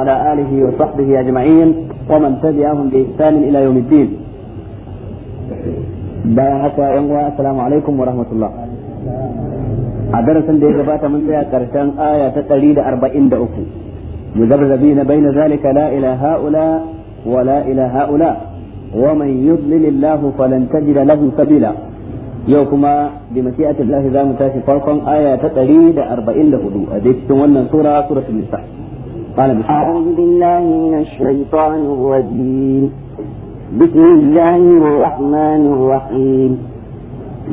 وعلى آله وصحبه أجمعين ومن تبعهم بإحسان إلى يوم الدين bayan haka yan uwa assalamu alaikum wa rahmatullah a darasin da ya gabata mun tsaya karshen aya ta 143 muzabzabina baina zalika la ilaha haula wa la ilaha haula wa man yudlil Allah falan tajid lahu yau kuma bi mashi'ati Allah za mu tashi farkon aya ta 144 a cikin wannan sura suratul قال بسم أعوذ بالله من الشيطان الرجيم بسم الله الرحمن الرحيم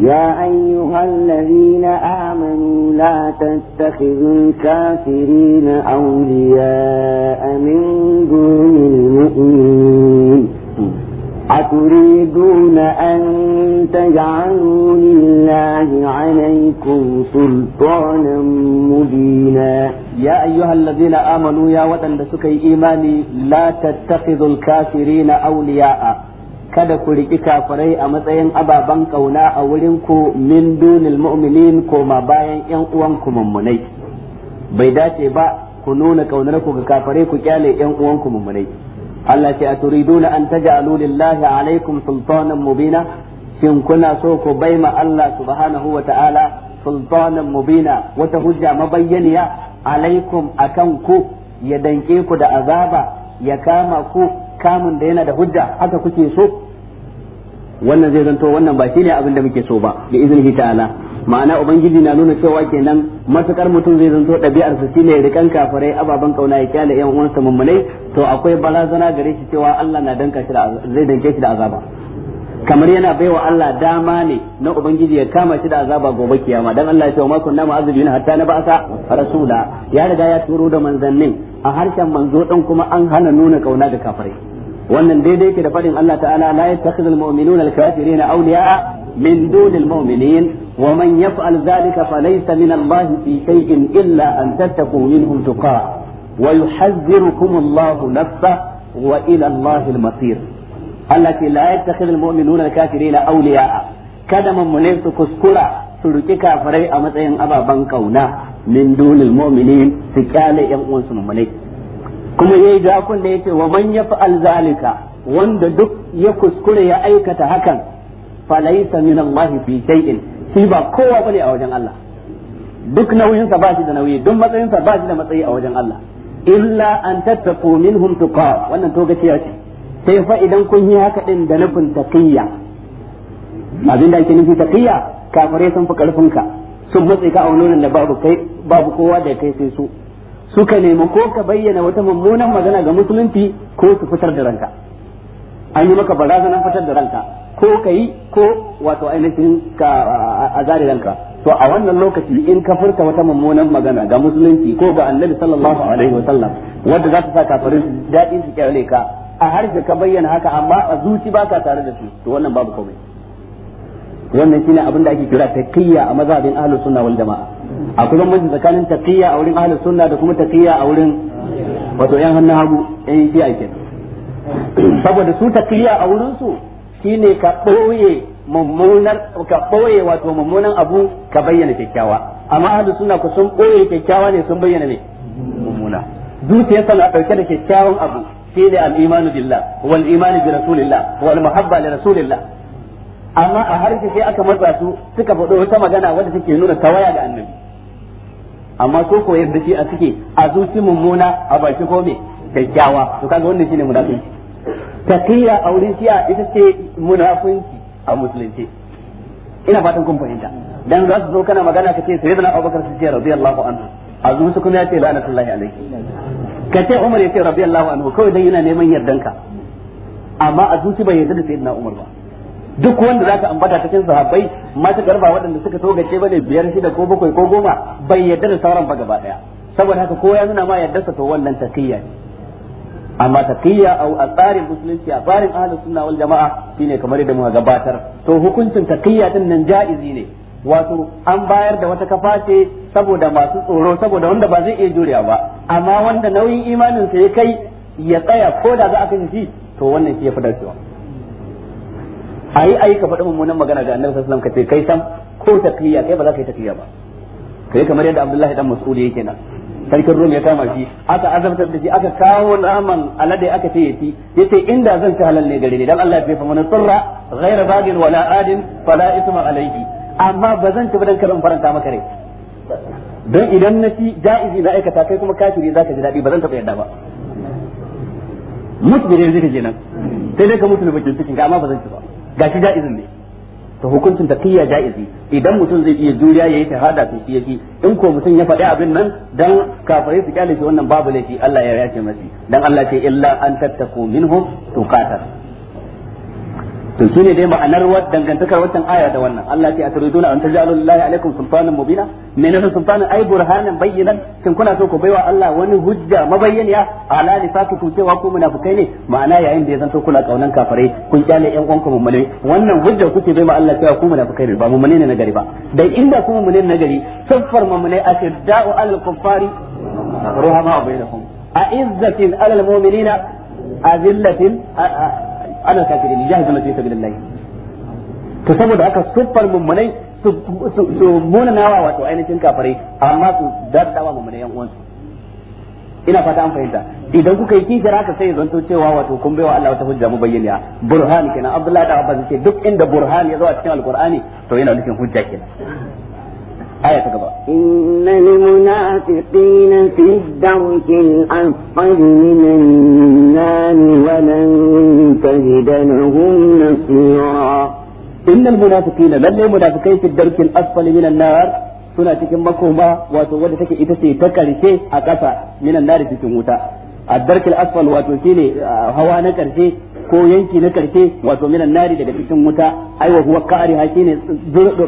يا أيها الذين آمنوا لا تتخذوا الكافرين أولياء من دون المؤمنين أتريدون أن تجعلوا لله عليكم سلطانا مبينا ya ayyuhal ladzina amanu ya waɗanda suka yi imani la tattakhidul kafirina awliya'a kada ku riki kafirai a matsayin ababen ƙauna a wurin ku min dunil mu'minin koma bayan yan uwan ku mummunai bai dace ba ku nuna ƙaunar ku ga kafirai ku kyale yan uwan ku mummunai Allah ce aturiduna an taj'alu lillahi alaikum sultanan mubina shin kuna so ku baima Allah subhanahu wa ta'ala sultanan mubina wata hujja mabayyaniya alaikum akan ku ya danke ku da azaba ya kama ku kamun da yana da hujja haka kuke so wannan zai zanto wannan ba shine abin da muke so ba bi iznihi ta'ala ma'ana ubangiji na nuna cewa kenan matukar mutum zai zanto ɗabi'ar su shine rikan kafirai ababan kauna ya kyale yan uwansa mummunai to akwai balazana gare shi cewa Allah na danka zai danke shi da azaba kamar yana baiwa Allah dama ne na ubangiji ya kama shi da azaba gobe kiyama dan Allah ya ce ma na mu'azzibina hatta na ba'sa rasula ya riga ya turo da manzannin a harshen manzo din kuma an hana nuna kauna ga kafirai wannan daidai ke da fadin Allah ta'ala la yattakhidhul mu'minuna al-kafirina awliya'a min dunil mu'minin wa man yaf'al dhalika falaysa min Allah fi shay'in illa an tattaqu minhum tuqa wa yuhadhdhirukum Allah nafsa wa ila Allah al-masir Allah ce la yattakhidhu almu'minuna alkafirina awliya'a kada mummune su kuskura su riki kafirai a matsayin ababan kauna min dunil mu'minin su kyale yan uwansu mummune kuma yayi da da yace wa man yaf'al zalika wanda duk ya kuskure ya aikata hakan falaysa min Allah fi shay'in shi ba kowa bane a wajen Allah duk sa ba shi da nauyi duk sa ba shi da matsayi a wajen Allah illa an tattaqu minhum tuqa wannan togaciya ce sai fa idan kun yi haka din da nufin taqiyya abin da ake nufi taqiyya kafirai sun fi karfin ka sun matsi ka a wani da babu kai babu kowa da kai sai su suka nemi ko ka bayyana wata mummunan magana ga musulunci ko su fitar da ranka an yi maka barazanar fitar da ranka ko ka yi ko wato ainihin ka a ranka to a wannan lokaci in ka furta wata mummunan magana ga musulunci ko ga annabi sallallahu alaihi wa wanda za ta sa kafirin dadin su kyale ka a harshe ka bayyana haka amma a zuci ba ka tare da su to wannan babu komai wannan shine abin da ake kira taqiyya a mazhabin ahlus sunna wal jamaa akwai bambanci tsakanin taqiyya a wurin ahlus sunna da kuma taqiyya a wurin wato yan hannun hagu yan shi ake saboda su taqiyya a wurin su shine ka boye mummunar ka boye wato mummunan abu ka bayyana kyakkyawa amma ahlus sunna ku sun boye kyakkyawa ne sun bayyana ne mummuna zuciyarsa na dauke da kyakkyawan abu shine al-imanu billah wal imanu bi rasulillah wal muhabba li rasulillah amma a harshe sai aka matsa su suka faɗo wata magana wadda take nuna tawaya ga annabi amma ko ko yadda shi a suke a zuci mummuna a baki ko me kyakkyawa to kaga wannan shine munafinci taqiya a ita ce munafinci a musulunci ina fatan kun fahimta dan za su zo kana magana kace sayyidina Abubakar Siddiq radiyallahu anhu a zuci kuma ya ce la'natullahi alaihi ka Umar ya ce radiyallahu anhu kawai dan yana neman yardanka amma a zuci bai yarda da sayyidina Umar ba duk wanda za ka ambata cikin sahabbai matukar garba waɗanda suka so gace bane biyar shida ko bakwai ko goma bai yarda da sauran ba gaba daya saboda haka kowa ya ma yarda sa to wannan taqiyya ne amma takiyya a tsarin musulunci a tsarin ahlus sunna wal jama'a shine kamar yadda muka gabatar to hukuncin taqiyya din nan ja'izi ne wato an bayar da wata kafa ce saboda masu tsoro saboda wanda ba zai iya jurewa ba amma wanda nauyin imanin sa ya kai ya tsaya ko da za a kashe shi to wannan shi ya fi dacewa ayi ayi ka faɗi mummunan magana ga annabi sallallahu alaihi wasallam ka ce kai sam ko takiyya kai ba za ka yi takiyya ba kai kamar yadda Abdullahi dan Mas'ud yake nan sarkin Rum ya kama shi aka azabtar da shi aka kawo naman alade aka ce ya yace inda zan ci halal ne gare ni dan Allah ya fa mana sirra ghayra bagin wala adin fala isma alayhi amma ba zan ci ba dan karin faranta maka rai don idan na ci ja'izi na aikata kai kuma kafiri zaka ji daɗi ba zan taɓa yadda ba mutu bai zai nan sai dai ka mutu ne bakin cikin ka amma ba zan ci ba shi ja'izin ne to hukuncin takiyya ja'izi idan mutum zai iya juriya yayi shahada to shi yake in ko mutum ya faɗi abin nan dan kafirai su kyale shi wannan babu laifi Allah ya yace masa dan Allah ce illa an tattaku minhum tuqatar to shine dai ma'anar dangantakar wannan aya da wannan Allah ya atriduna an taj'alu lillahi alaikum sultanan mubina menene sultanan ai burhanan bayyinan kin kuna so ku baiwa Allah wani hujja mabayyaniya ala nifaqikum cewa ku munafikai ne ma'ana yayin da ya zanto kuna kaunan kafirai kun kyale yan uwanku mummune wannan hujja kuke baiwa Allah cewa ku munafikai ne ba mummune ne na gari ba dan inda ku mummune na gari saffar mummune ashidda'u alal kuffari ruhama bainakum a'izzatin alal mu'minina azillatin alal kafirin yahzuna fi sabilillah to saboda aka sufar mummunai su munanawa wato ainihin kafirai amma su daddawa mummunai yan uwansu ina fata an fahimta idan kuka yi kishir haka sai zanto cewa wato kun baiwa Allah wata hujja mu bayyana burhani kenan Abdullahi da Abbas ke duk inda burhani ya zo a cikin alqur'ani to yana nufin hujja kenan آية تقبل إن المنافقين في الدرك الأسفل من النار ولن تجد لهم نصيرا إن المنافقين لن المنافقين في الدرك الأسفل من النار suna cikin makoma wato wanda take ita ce ta karshe a ƙasa minan nari cikin wuta addarkil asfal wato shine hawa na karshe ko yanki na karshe wato minan nari daga cikin wuta ai wa huwa ka'ari ha shine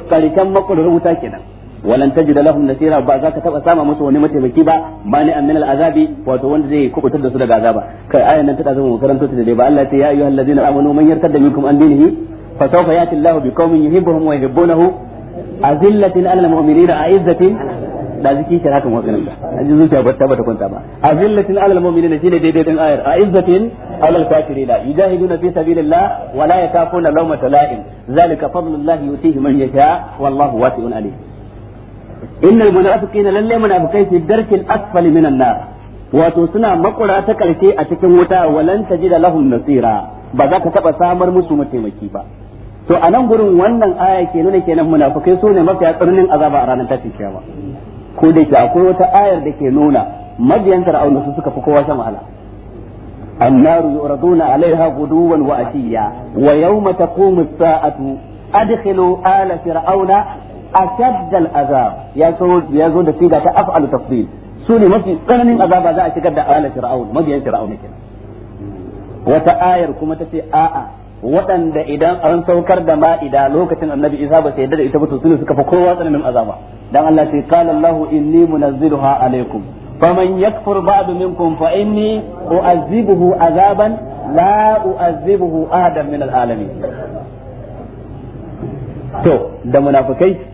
karshen makurar wuta kenan walan tajida lahum nasira ba za ka taba sama musu wani mataimaki ba mani min azabi wato wanda zai kubutar da su daga azaba kai ayan nan ta zama makaranto ta dai ba Allah ya ayyuhal ladina amanu man yartadda minkum an dinihi fa sawfa da ziki kira kan wakanin da aji zuciya ba ta bata kwanta ba azillatin alal mu'minina shine daidai din ayar aizzatin alal kafirina yujahiduna fi sabilillah wa la yakafuna lawmata la'im zalika fadlullahi yutihi man yasha wallahu wasi'un alim innal munafiqina lalle munafiqai fi darkil asfali minan nar wato suna makura ta karshe a cikin wuta walan da lahum nasira ba za ta taɓa samar musu mataimaki ba to a nan gurin wannan aya ke nuna kenan munafikai su ne mafiya tsananin azaba a ranar tashin kiyama ko da ke akwai wata ayar da ke nuna mabiyan fir'auna su suka fi kowa shan wahala النار يعرضون عليها غدوا وعشيا ويوم تقوم الساعة أدخلوا آل فرعون ashadd al azab ya so ya zo da siga ta af'al tafdil su mafi tsananin azaba za a shigar da ala fir'aun mabiyan fir'aun kenan wata ayar kuma ce a'a waɗanda idan an saukar da ma'ida lokacin annabi isa ba sai da ita ba su sune suka fa kowa tsananin azaba dan Allah sai qala Allah inni munazziluha alaikum faman yakfur ba'du minkum fa inni u'azzibuhu azaban la u'azzibuhu ahadan min alalamin to da munafikai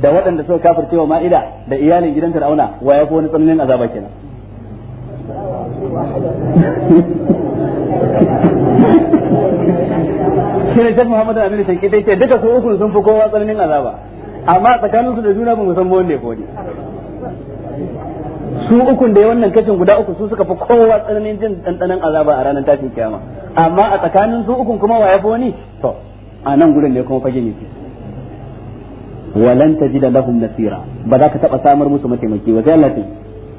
da waɗanda suka kafirce wa ma'ida da iyalin gidan fir'auna wa ya fi wani tsananin azaba kenan shine shek Muhammadu Aminu Shanki dai ce duka su uku sun fi kowa tsananin azaba amma tsakanin su da juna ba mu san wanda ya fi su ukun da wannan kashin guda uku su suka fi kowa tsananin jin ɗanɗanon azaba a ranar tashin kiyama amma a tsakanin su ukun kuma wa ya fi wani to a nan gudun ne kuma fage ke. walan tajida lahum nasira ba za ka taba samar musu mataimaki wa sai Allah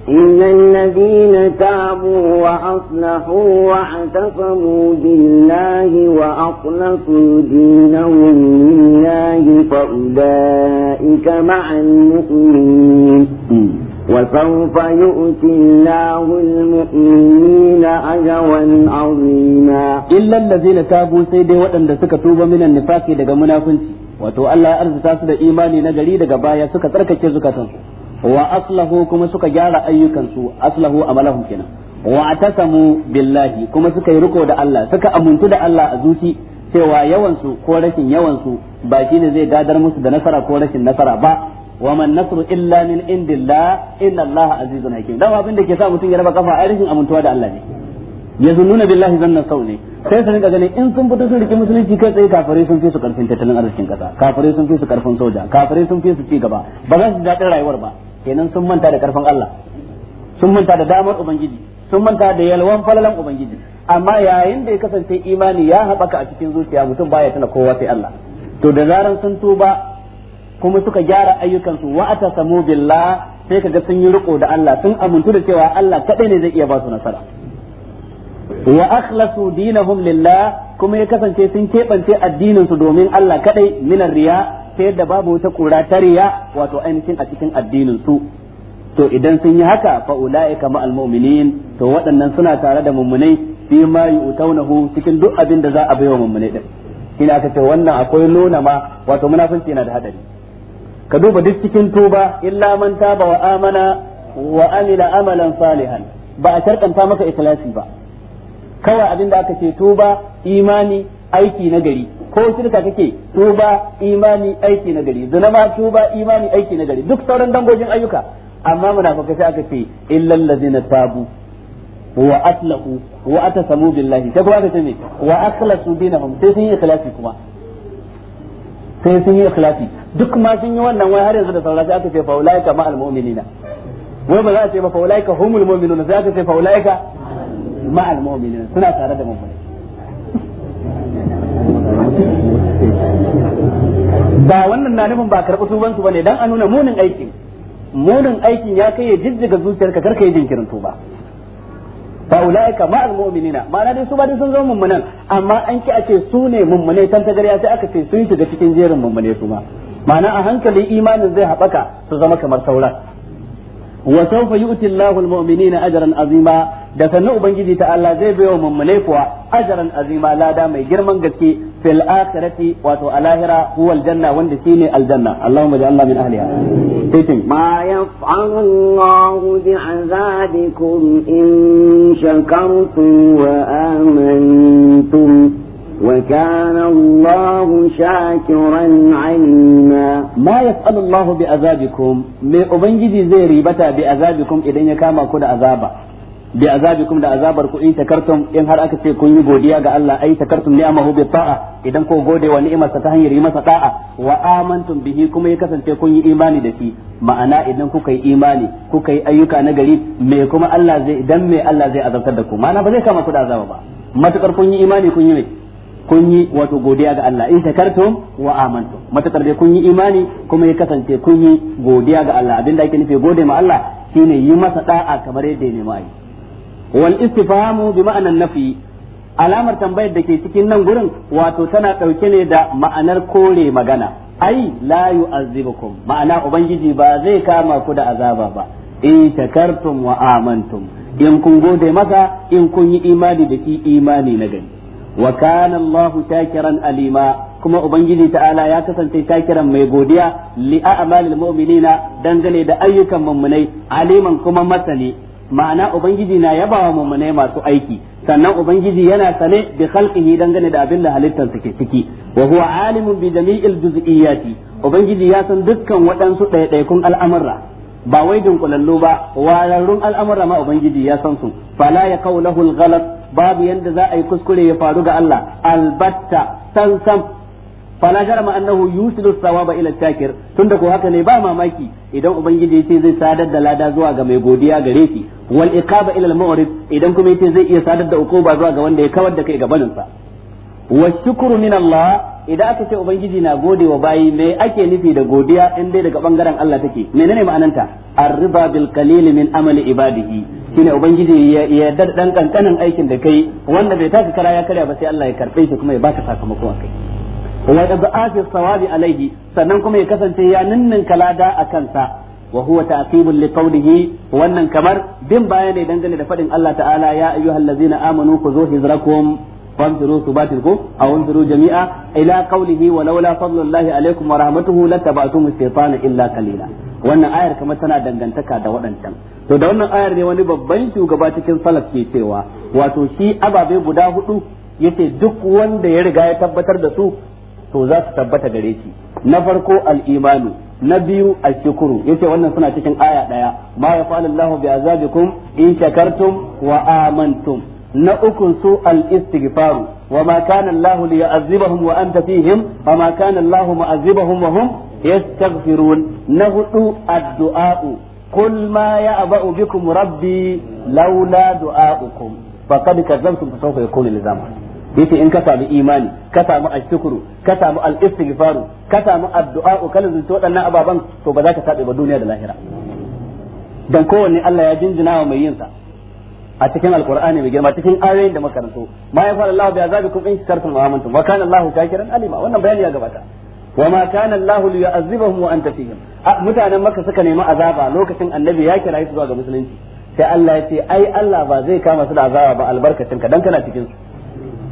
إن الذين تابوا وأصلحوا واعتصموا بالله وأخلصوا دينهم لله فأولئك مع المؤمنين وسوف يؤتي الله المؤمنين أجرا عظيما إلا الذين تابوا سيدي وأن سكتوا من النفاق لقى منافنتي wato Allah ya arzuta su da imani na gari daga baya suka tsarkake zukatansu wa aslahu kuma suka gyara ayyukansu aslahu amalahum kenan wa atasamu billahi kuma suka yi riko da Allah suka amuntu da Allah a zuci cewa yawansu ko rashin yawansu ba shine zai dadar musu da nasara ko rashin nasara ba wa man nasru illa min indillah inna Allah azizun hakim dan abin da ke sa mutum ya raba kafa a rashin amuntuwa da Allah ne yanzu nuna billahi zannan sau ne sai su rinka ganin in sun fito sun rike musulunci kai tsaye kafirai sun fi su karfin tattalin arzikin kasa kafirai sun fi su karfin soja kafirai sun fi su ci gaba ba za su daɗin rayuwar ba kenan sun manta da karfin Allah sun manta da damar ubangiji sun manta da yalwan falalan ubangiji amma yayin da ya kasance imani ya haɓaka a cikin zuciya mutum baya tana kowa sai Allah to da zaran sun tuba kuma suka gyara ayyukansu wa atasamu billah sai kaga sun yi riko da Allah sun amintu da cewa Allah kadai ne zai iya ba su nasara wa akhlasu dinahum lillah kuma ya kasance sun keɓance addinin su domin Allah kadai minar riya sai da babu wata kura ta riya wato ainihin a cikin addinin su to idan sun yi haka fa ulaika ma'al mu'minin to waɗannan suna tare da mummunai fi ma yu'tawnahu cikin duk abin da za a baiwa mummunai din ina aka ce wannan akwai nuna ma wato munafunci yana da hadari ka duba duk cikin tuba illa man taba wa amana wa amila amalan salihan ba a karkanta maka ikhlasi ba kawai abin da aka ce tuba imani aiki na gari ko shirka kake tuba imani aiki na gari zina tuba imani aiki na gari duk sauran dangogin ayyuka amma munafikai sai aka ce illal ladzina tabu wa aslahu wa atasamu billahi sai kuma aka ce ne wa akhlasu dinahum sai sun yi ikhlasi kuma sai sun yi ikhlasi duk ma sun yi wannan wai har yanzu da sauran sai aka ce fa ulaika ma al mu'minina wai ba za a ce ba fa ulaika humul mu'minuna sai aka ce fa ulaika suna tare da ba wannan na nufin ba karɓi tuban su bane dan a nuna munin aikin munin aikin ya kai ya jijjiga zuciyarka karka yi jinkirin tuba fa ulaika ma al mu'minina ma'ana dai su ba sun zama mummunan amma an ki ake su ne mummune tan ta gariya sai aka ce sun shiga cikin jerin mummune su ma ma'ana a hankali imanin zai haɓaka su zama kamar sauran wa sawfa yu'ti Allahu al mu'minina ajran azima da sannu ubangiji ta Allah zai baiwa mummune kuwa ajaran azima lada mai girman gaske fil akhirati wato a lahira huwa aljanna wanda shine aljanna Allahumma ja'alna min ahliha sai ma yaf'alu Allah bi azabikum in shakartum wa amantum وكان الله Allahu bi ما يسأل ubangiji zai ribata bi زي idan ya kama ku da azaba. bi azabikum da azabar ku in takartum in har aka ce kun yi godiya ga Allah ai takartum ni'amahu bi ta'a idan ko gode wa sa ta hanyar yi masa ta'a wa amantum bihi kuma ya kasance kun yi imani da shi ma'ana idan kuka yi imani kuka yi ayyuka na gari me kuma Allah zai idan me Allah zai azabtar da ku ma'ana ba zai kama ku da azaba ba matukar kun yi imani kun yi me kun yi wato godiya ga Allah in takartum wa amantum matakar dai kun yi imani kuma ya kasance kun yi godiya ga Allah abinda ake nufi gode ma Allah shine yi masa da'a kamar yadda ya nemi wal istifhamu bi ma'anan nafi alamar tambayar da ke cikin nan gurin wato tana ɗauke ne da ma'anar kore magana ai la yu'azzibukum ma'ana ubangiji ba zai kama ku da azaba ba in shakartum wa amantum in kun gode masa in kun yi imani da shi imani na gani wa kana Allah shakiran alima kuma ubangiji ta'ala ya kasance takiran mai godiya li a'malil mu'minina dangane da ayyukan mummunai aliman kuma masani ma'ana ubangiji na yabawa mumunai masu aiki sannan ubangiji yana sane bi khalqihi dangane da abin da halittar suke ciki wa huwa alimun bi jami'il juz'iyyati ubangiji ya san dukkan waɗansu ɗaiɗaikun al'amura ba wai dunkulallo ba wararrun al'amura ma ubangiji ya san su fala ya kawo lahul babu yanda za a yi kuskure ya faru ga Allah albatta san sam fala jarama annahu yusilu sawaba ila shakir tunda ko haka ne ba mamaki idan ubangiji yace zai sadar da lada zuwa ga mai godiya gare shi wal iqaba ila al idan kuma yace zai iya sadar da ukuba zuwa ga wanda ya kawar da kai ga sa wa shukru min Allah idan aka ce ubangiji na gode wa bayi me ake nufi da godiya in dai daga bangaren Allah take menene ma'ananta ar-riba bil qalil min amali ibadihi shine ubangiji ya yarda dan kankanin aikin da kai wanda bai taka kara ya karya ba sai Allah ya karbe shi kuma ya baka sakamakon kai wa idaafi sawabi alaihi sannan kuma ya kasance ya ninnin kalada a kansa wa huwa ta'qibul liqawlihi wannan kamar bin baya ne dangane da fadin Allah ta'ala ya ayyuhallazina amanu khudhu hizrakum فانفروا ثبات او انفروا جميعا الى قوله ولولا فضل الله عليكم ورحمته لاتبعتم الشيطان illa قليلا wannan ayar kamar tana dangantaka da waɗancan to da wannan ayar ne wani babban shugaba cikin salaf ke cewa wato shi ababe guda hudu yace duk wanda ya riga ya tabbatar da su to za su tabbata gare shi na farko al-imanu na biyu al-shukuru yace wannan suna cikin aya daya ma yafa'alu Allahu bi azabikum in shakartum wa amantum na ukun su al-istighfaru wa ma kana Allahu liya'azibahum wa anta fihim wa ma kana Allahu mu'azibahum wa hum yastaghfirun na hudu addu'a قل ما يأبأ بكم ربي لولا دعاؤكم فقد كذبتم فسوف يكون لزاما yace in ka samu imani ka samu ashkuru ka samu al-istighfaru ka samu addu'a ka lazunta waɗannan ababan to ba za ka tabe ba duniya da lahira dan kowanne Allah ya jinjina wa mai yin sa a cikin alqur'ani mai girma cikin ayoyin da muka makarantu ma ya fara Allah bi azabikum in shakartum wa amantum wa kana Allah shakiran alima wannan bayani ya gabata wa ma kana Allah li yu'azzibahum wa anta fihim mutanen makka suka nemi azaba lokacin annabi ya kira su zuwa ga musulunci sai Allah ya ce ai Allah ba zai kama su da azaba ba albarkacin ka dan kana cikin su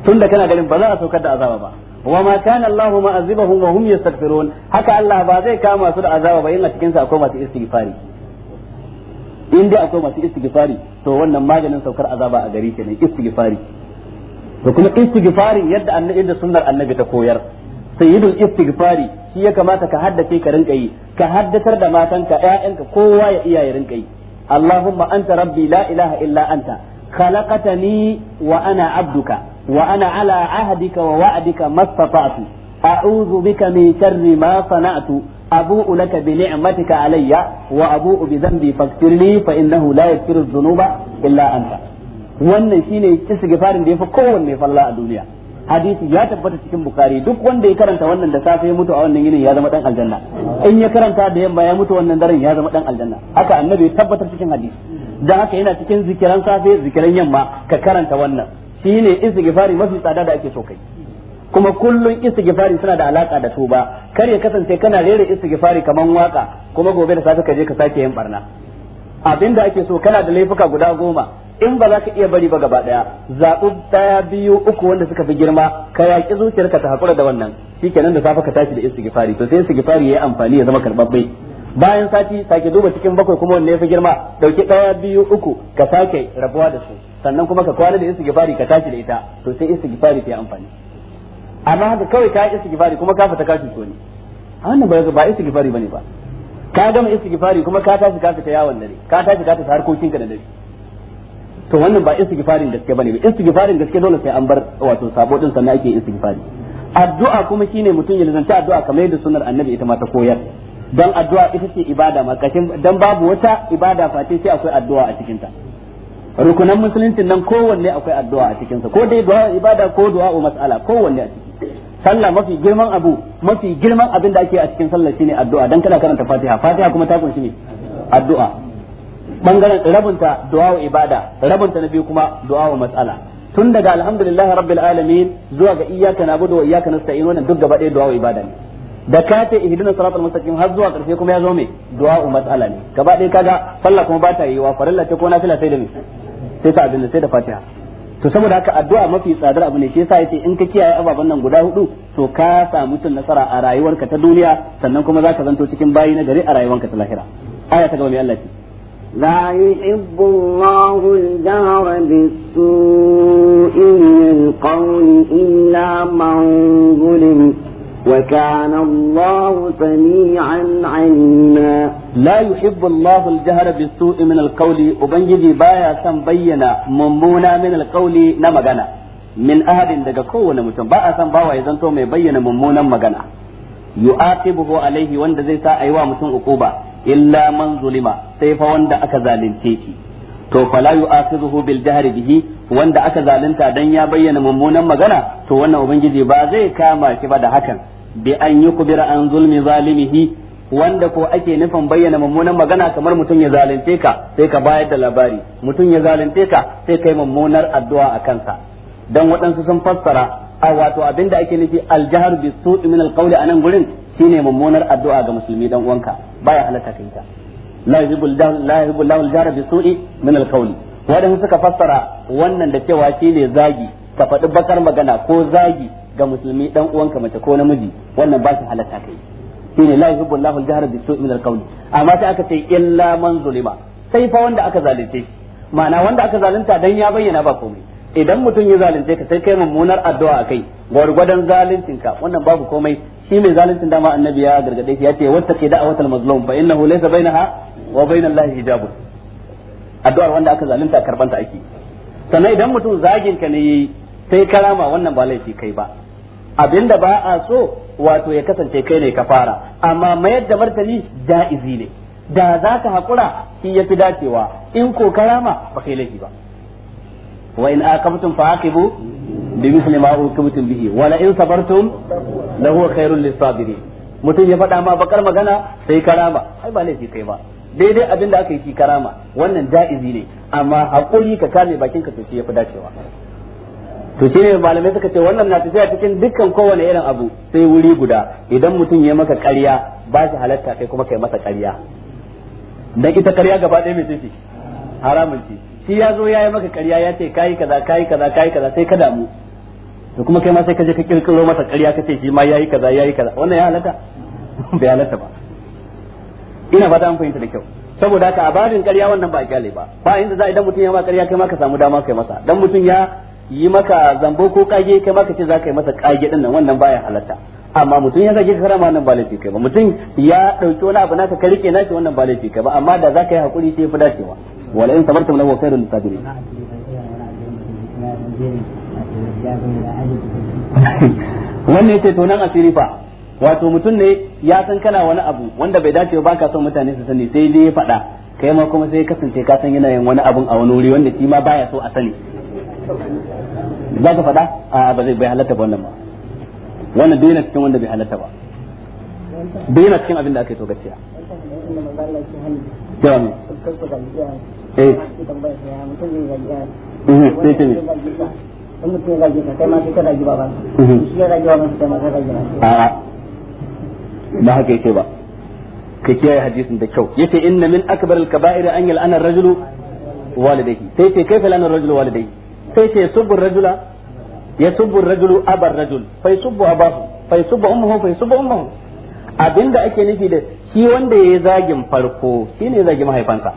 tunda kana ganin ba za a saukar da azaba ba wa ma kana Allahu ma'azibahum wa hum yastaghfirun haka Allah ba zai kama su da azaba ba in a cikin sa akwai masu istighfari in dai akwai masu istighfari to wannan maganin saukar azaba a gari kenan istighfari to kuma istighfari yadda annabi da sunnar annabi ta koyar sayyidul istighfari shi ya kamata ka haddace ka rinka yi ka haddatar da matanka ƴaƴanka kowa ya iya ya rinka yi Allahumma anta rabbi la ilaha illa anta khalaqatani wa ana abduka wa ana ala ahdika wa wa'dika mastata'tu a'udhu bika min sharri ma sana'tu abu'u laka bi ni'matika alayya wa zan bi dhanbi faghfirli fa innahu la yaghfiru illa anta wannan shine istighfarin da yafi kowanne falla a duniya hadisi ya tabbata cikin bukari duk wanda ya karanta wannan da safe ya mutu a wannan yinin ya zama dan aljanna in ya karanta da yamma ya mutu wannan daren ya zama dan aljanna haka annabi ya tabbatar cikin hadisi dan haka yana cikin zikiran safe zikiran yamma ka karanta wannan shine istighfari mafi tsada da ake so kai kuma kullun istighfari suna da alaka da tuba kar ya kasance kana rera istighfari kaman waka kuma gobe da safe ka je ka sake yin barna abinda ake so kana da laifuka guda goma in ba za ka iya bari ba gaba daya zabu daya biyu uku wanda suka fi girma ka zuciyar zuciyarka ta hakura da wannan shikenan da safe ka tashi da istighfari to sai istighfari yayi amfani ya zama karbabbe bayan sati sake duba cikin bakwai kuma wanne ya fi girma dauki daya biyu uku ka sake rabuwa da su sannan kuma ka kwana da istighfari ka tashi da ita to sai istighfari ta amfani amma haka kawai ka yi istighfari kuma ka fita ka cuto ne wannan ba ba istighfari bane ba ka gama istighfari kuma ka tashi ka fita yawon dare ka tashi ka fita harkokin ka da dare to wannan ba istighfarin gaske bane ba istighfarin gaske dole sai an bar wato sabo din sannan ake istighfari addu'a kuma shine mutum ya lazanta addu'a kamar yadda sunnar annabi ita ma ta koyar dan addu'a ita ce ibada ma kashin dan babu wata ibada face sai akwai addu'a a cikin ta rukunan musuluncin nan kowanne akwai addu'a a cikin sa ko dai du'a ibada ko du'a mas'ala kowanne a ciki sallah mafi girman abu mafi girman abin da ake a cikin sallah shine addu'a dan kana karanta Fatiha Fatiha kuma ta kunshi ne addu'a bangaren rabunta du'a ibada rabunta na biyu kuma du'a mas'ala tun daga alhamdulillah rabbil alamin zuwa ga iyyaka na'budu wa iyyaka nasta'in wannan duk gaba ɗaya du'a ibada ne da ka ce ihdina siratal mustaqim har zuwa karshe kuma ya zo me du'a mas'ala ne gaba ɗaya kaga sallah kuma ba ta yiwa farilla ce ko nafila sai da ni. sai sa abin sai da fatiha to saboda haka addu'a mafi tsadar abu ne shi yasa yace in ka kiyaye ababen nan guda hudu to ka samu cin nasara a rayuwarka ta duniya sannan kuma zaka zanto cikin bayi na gari a rayuwarka ta lahira aya ta gaba mai Allah ce لا يحب الله الجهر بالسوء من القول إلا من ظلم وكان الله سميعا عليما لا يحب الله الجهر بالسوء من القول وبنجي بايا سن بينا ممونا من القول نمغنا من أحد daga kowane mutum ba a san bawa ya zanto mai bayyana mummunan magana yu'aqibuhu alaihi wanda zai sa a aiwa mutum ukuba illa man zulima sai fa wanda aka zalunce shi to fala yu'akhidhuhu bil jahri bihi wanda aka zalunta dan ya bayyana mummunan magana to wannan ubangiji ba zai kama shi ba da hakan bi an kubira an zulmi zalimihi wanda ko ake nufin bayyana mummunan magana kamar mutum ya zalunce ka sai ka bayar da labari mutum ya zalunce ka sai kai mummunar addu'a a kansa dan waɗansu sun fassara a wato abinda ake nufi aljahar bi su'i min alqawli anan gurin shine mummunar addu'a ga musulmi dan uwanka baya halatta kai ta la yuhibbul la yuhibbul bi su'i min alqawli waɗansu suka fassara wannan da cewa shine zagi ka faɗi bakar magana ko zagi ga musulmi dan uwanka mace ko namiji wannan ba shi halatta kai shine la yuhibbu Allahu al-jahra bi su'i min al-qawl amma sai aka ce illa man zulima sai fa wanda aka zalunce shi ma'ana wanda aka zalunta dan ya bayyana ba komai idan mutum ya zalunce ka sai kai mummunar addu'a akai gwargwadon zaluncin ka wannan babu komai shi mai zaluncin dama annabi ya gargade shi ya ce wattaqi da'watal mazlum fa innahu laysa bainaha wa lahi hijabun addu'ar wanda aka zalunta karbanta ake sannan idan mutum zagin ka ne sai karama wannan ba laifi kai ba abinda ba a so wato ya kasance kai ne fara. amma mayar da martani ja'izi ne da za ka haƙura shi ya fi dacewa in ko karama ba kai laifi ba wa in aqabtum fa aqibu bi mithli ma uqibtum bihi wa la in sabartum la huwa khairul lisabirin mutum ya faɗa ma bakar magana sai karama ai ba laifi kai ba daidai abinda aka yi shi karama wannan ja'izi ne amma haƙuri ka kame bakin ka to shi ya fi dacewa to shine malamai suka ce wannan na tafiya cikin dukkan kowane irin abu sai wuri guda idan mutum ya maka ƙarya ba shi halatta kai kuma kai masa ƙarya dan ita ƙarya gaba ɗaya mai tafi haramun ce shi ya zo ya yi maka ƙarya ya ce kayi kaza kayi kaza kayi kaza sai ka damu to kuma kai ma sai ka je ka kirkiro masa ƙarya ka ce shi ma yayi kaza yayi kaza wannan ya halatta bai halatta ba ina fata an fahimta da kyau saboda haka a babin ƙarya wannan ba a kyale ba ba inda za idan mutum ya ma ƙarya kai ma ka samu dama kai masa dan mutum ya yi maka zambo ko kage kai maka ce zaka yi masa kage din nan wannan baya halatta amma mutum ya zage ka rama wannan ba laifi kai ba mutum ya dauki wani abu naka ka rike nashi wannan ba laifi kai ba amma da zaka yi hakuri sai fi dacewa wala in sabartum lahu khairul sabirin wannan yace to nan asiri fa wato mutum ne ya san kana wani abu wanda bai dace ba ka son mutane su sani sai dai ya faɗa kai ma kuma sai kasance ka san yana yin wani abun a wani wuri wanda shi ma baya so a sani za ka faɗa a ba zai bai halatta ba wannan ba wannan duk cikin wanda bai halatta ba duk cikin abin da aka yi to gaskiya ya ne eh sai ce ne in mutum ba haka yake ba ka kiyaye hadisin da kyau yace inna min akbar al-kaba'ir an yal'ana ar-rajulu walidayhi sai ce kaifa lana ar-rajulu walidayhi sai ce subbu rajula ya subbu rajulu abar rajul fa yusubbu abahu fa yusubbu ummuhu fa yusubbu ummuhu abinda ake nufi da shi wanda ya zagin farko shine zagi mahaifansa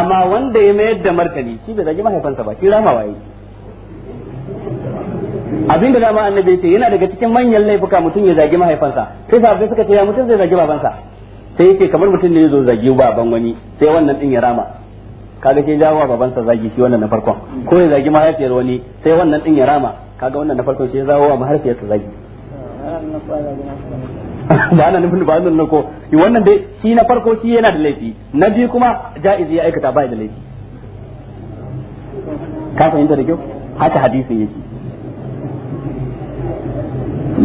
amma wanda ya mayar da martani shi bai zagi mahaifansa ba shi rama waye Abinda da dama annabi ya ce yana daga cikin manyan laifuka mutum ya zagi mahaifansa sai sahabbai suka ce ya mutum zai zagi babansa sai yake kamar mutum ne ya zo zagi baban wani sai wannan din ya rama kaga sai jawo wa babansa zagi shi wannan na farkon ko ya zagi mahaifiyar wani sai wannan din ya rama kaga wannan na farkon sai ya zawo wa mahaifiyarsa zagi ba na nufin ba nan ko wannan dai shi na farko shi yana da laifi na biyu kuma jaizi ya aikata ba da laifi ka fahimta da kyau haka hadisin yake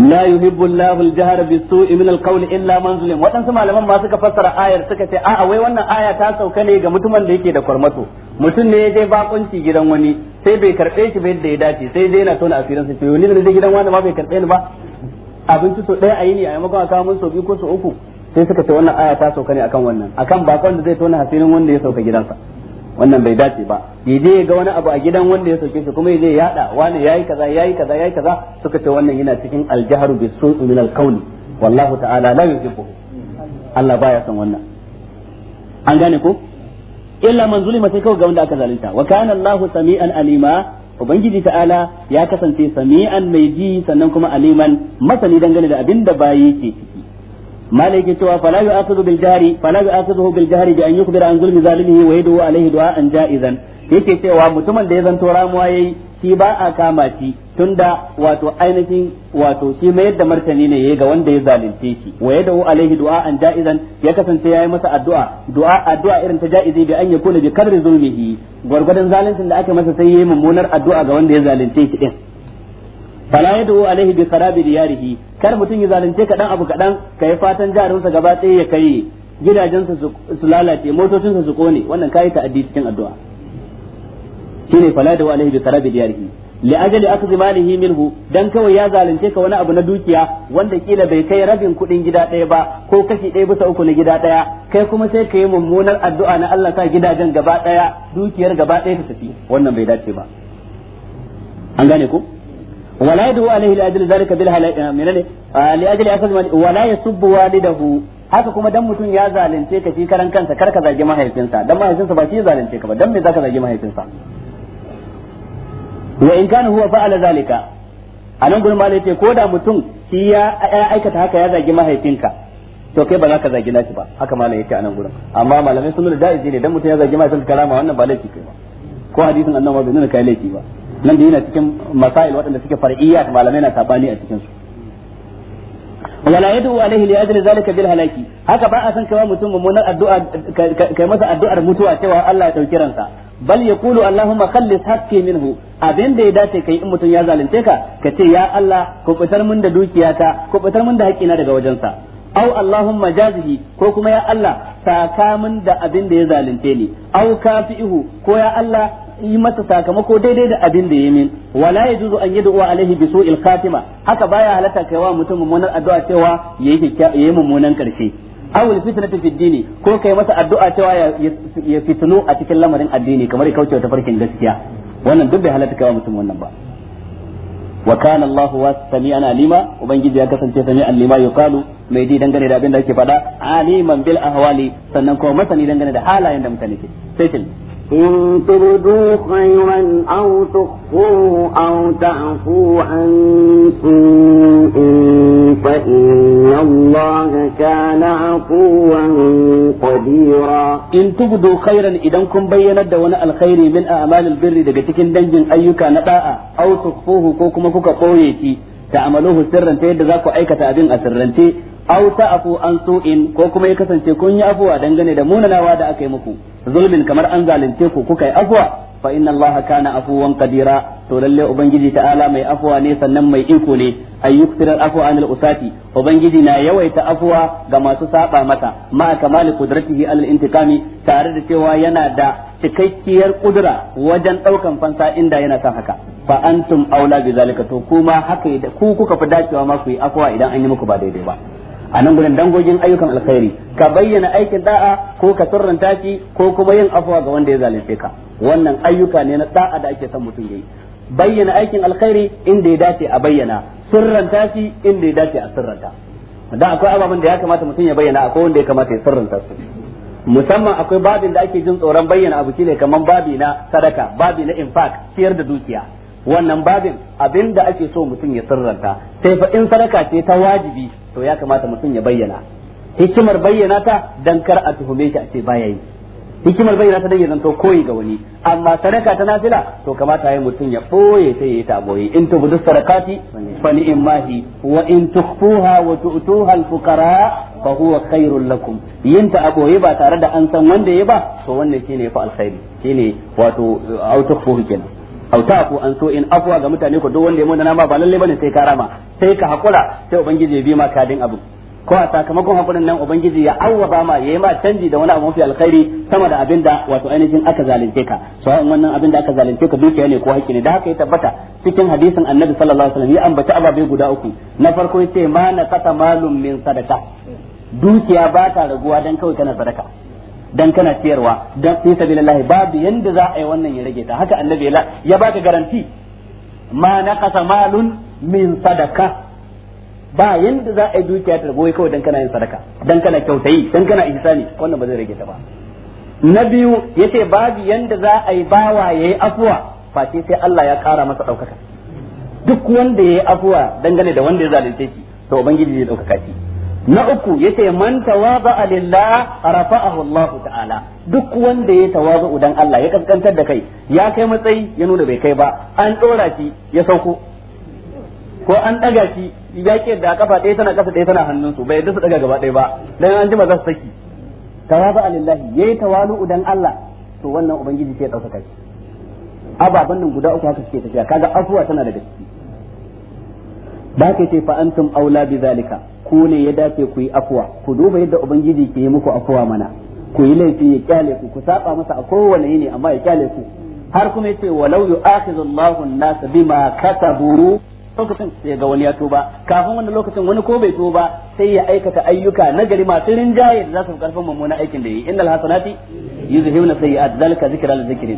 la yuhibbu Allahu al-jahra bis-su'i min al-qawli illa man zulim malaman ma suka fassara ayar suka ce a'a wai wannan aya ta sauka ne ga mutumin da yake da kwarmato mutum ne ya je bakunci gidan wani sai bai karbe shi ba yadda ya dace sai dai na tona asirin sa to ni da je gidan wani ma bai karbe ni ba abinci so ɗaya a yi ne a maimakon a kawo mun sau biyu ko sau uku sai suka ce wannan aya ta sauka ne akan wannan akan bakon da zai tona asirin wanda ya sauka gidansa wannan bai dace ba yaje ya ga wani abu a gidan wanda ya sauke shi kuma yaje ya yada wani yayi kaza yayi kaza yayi kaza suka ce wannan yana cikin aljaharu bisu'i min alqawli wallahu ta'ala la yuhibbu Allah baya son wannan an gane ko illa man zulima sai kawai ga wanda aka zalunta wa kana Allahu sami'an alima ubangiji ta'ala ya kasance sami'an mai ji sannan kuma aliman masani dangane da abin da bayi ke ciki malai ke cewa fala yu'akhidhu bil jari fala yu'akhidhu bil jari bi an yukhbira an zulmi zalimihi wa yake cewa mutumin da ya zanto ramuwa yi shi ba a kama shi tunda wato ainihin wato shi mayar da martani ne yayi ga wanda ya zalunce shi wa yadu alaihi du'a an ja'izan ya kasance yayi masa addu'a du'a addu'a irin ta ja'izi bi an yakuna bi kadri zulmihi gwargwadon zaluncin da aka masa sai yayi mummunar addu'a ga wanda ya zalunce shi din fala yadu alaihi bi karabi diyarihi kar mutun ya zalunce kadan abu kadan kai fatan jarinsa gaba ɗaya ya kai gidajensa su lalace motocinsa su kone wannan kai addi cikin addu'a shine fala yadu alaihi bi karabi diyarihi li ajali akhdhi malihi minhu dan kawai ya zalunce ka wani abu na dukiya wanda kila bai kai rabin kudin gida ɗaya ba ko kashi ɗaya bisa uku na gida ɗaya kai kuma sai ka yi mummunar addu'a na Allah sa gidajen gaba ɗaya dukiyar gaba ɗaya ta tafi wannan bai dace ba an gane ko ولا يدعو عليه لأجل ذلك بالهلاك من لأجل أخذ ولا يسب والده haka kuma dan mutum ya zalunce ka shi karan kansa kar ka zagi mahaifinsa dan mahaifinsa ba shi zalunce ka ba dan me zaka zagi mahaifinsa wa in kana huwa fa'ala zalika anan gurin malai ce ko da mutum shi ya aikata haka ya zagi mahaifinka to kai ba za ka zagi nashi ba haka malai yake anan gurin amma malamai sun nuna da'izi ne dan mutum ya zagi mahaifinsa karama wannan ba laifi kai ba ko hadisin annabawa bai nuna kai laifi ba nan da yana cikin masail waɗanda suke far'iyya malamai na sabani a cikin su wala yadu alaihi li ajli zalika bil halaki haka ba a san kawai mutum mummunar addu'a kai masa addu'ar mutuwa cewa Allah ya dauki ransa bal yaqulu allahumma khallis hakki minhu abin da ya dace kai in mutum ya zalunce ka ka ce ya Allah ku fitar min da dukiyata ku fitar min da haƙƙina daga wajensa au allahumma jazihi ko kuma ya Allah saka min da abin da ya zalunce ni au kafihu ko ya Allah yi masa sakamako daidai da abin da ya min wala ya juzu an yi da'uwa alaihi bi su'il khatima haka baya halatta wa mutum mummunar addu'a cewa yayi yayi mummunan karshe awul fitnatu fi dini ko kai masa addu'a cewa ya fitnu a cikin lamarin addini kamar ya kauce ta farkin gaskiya wannan duk bai halatta wa mutum wannan ba wa kana Allahu sami'an alima ubangiji ya kasance sami'an alima yuqalu mai di dangane da abin da ake faɗa aliman bil ahwali sannan kuma masani dangane da halayen da mutane ke sai إن تبدوا خيرا أو تخفوه أو تعفوا عن سوء فإن الله كان عفوا قديرا إن تبدوا خيرا إذا كن بينا دون الخير من أعمال البر دقتكن دنجن أيك نطاء أو تخفوه كوكما كوكا قويتي تعملوه سرا تيد ذاك أيكة أسرا تي aw ta'fu an su'in ko kuma ya kasance kun yi afuwa dangane da munanawa da aka yi muku zulmin kamar an zalunce ku kuka yi afuwa fa inna Allah kana afuwan kadira to lalle ubangiji ta'ala mai afuwa ne sannan mai iko ne ayyuktir afu anil usati ubangiji na yawaita afuwa ga masu saba mata ma kamali qudratihi al intiqami tare da cewa yana da cikakkiyar kudura wajen daukan fansa inda yana son haka fa antum aula bi zalika to kuma haka ku kuka fi dacewa ma ku yi afuwa idan an yi muku ba daidai ba a nan gudun dangogin ayyukan alkhairi ka bayyana aikin da'a ko ka sirranta shi ko kuma yin afuwa ga wanda ya zalunce ka wannan ayyuka ne na da'a da ake son mutum yayi bayyana aikin alkhairi inda ya dace a bayyana sirranta shi inda ya dace a sirranta da akwai ababen da ya kamata mutum ya bayyana akwai wanda ya kamata ya sirranta su musamman akwai babin da ake jin tsoron bayyana abu shine kamar babi na sadaka babi na infaq ciyar da dukiya wannan babin abinda ake so mutum ya sirranta sai fa in sadaka ce ta wajibi to ya kamata mutum ya bayyana hikimar bayyana ta dan kar a tuhume ta a ce baya yi hikimar bayyana ta dan ya zanto koyi ga wani amma sadaka ta nafila to kamata yayi mutum ya boye ta yayi ta boye in tubudu sadaqati fa ni'mahi wa in tukhfuha wa tu'tuha al-fuqara fa huwa khairul lakum yin ta aboye ba tare da an san wanda ya ba to wannan shine fa alkhairi shine wato autukhu kenan hauta ko an so in afwa ga mutane ko duk wanda ya mona nama ba lalle bane sai ka sai ka hakura sai ubangiji ya bi ma kadin abu ko a sakamakon hakurin nan ubangiji ya awwaba ma yayi ma canji da wani abu mafi alkhairi sama da abinda wato ainihin aka zalunce ka so in wannan abinda aka zalunce ka dukiya ne ko haƙƙi ne da haka ya tabbata cikin hadisin annabi sallallahu alaihi wasallam ya ambaci ababe guda uku na farko yace ma na kata malum min sadaka dukiya ba ta raguwa dan kawai kana sadaka dan kana ciyarwa dan fi sabilillah babu yanda za a yi wannan ya rage ta haka annabi ya ba ka garanti ma naqasa malun min sadaka ba yanda za a yi dukiya ta rabuwa kawai dan kana yin sadaka dan kana kyautayi dan kana ihsani wannan ba zai rage ta ba na biyu ce babu yanda za a yi bawa yayi afuwa face sai Allah ya kara masa daukaka duk wanda yayi afuwa dangane da wanda ya zalunce shi to ubangiji zai daukaka shi na uku yace man tawaba lillah rafa'ahu Allah ta'ala duk wanda ya tawazu dan Allah ya kaskantar da kai ya kai matsayi ya nuna bai kai ba an dora shi ya sauko ko an daga shi ya ke da kafa ɗaya tana kasa ɗaya tana hannunsu bai yadda daga gaba ɗaya ba dan an jima za saki tawaba lillah yayi tawalu dan Allah to wannan ubangiji sai ya dauka shi ababan nan guda uku haka suke tafiya kaga afuwa tana daga ciki Ba ke ce fa antum aula bi zalika ku ne ya dace ku yi afuwa ku duba yadda ubangiji ke yi muku afuwa mana ku yi laifi ya kyale ku ku saba masa a kowane yini amma ya kyale ku har kuma yace walau yu'akhidullahu an-nasa bima kasabu lokacin sai ga wani ya tuba kafin wannan lokacin wani ko bai tuba sai ya aikata ayyuka na gari masu rinjaye da za su karfin mummunan aikin da yi innal hasanati yuzhibuna sayyi'at zalika zikra lil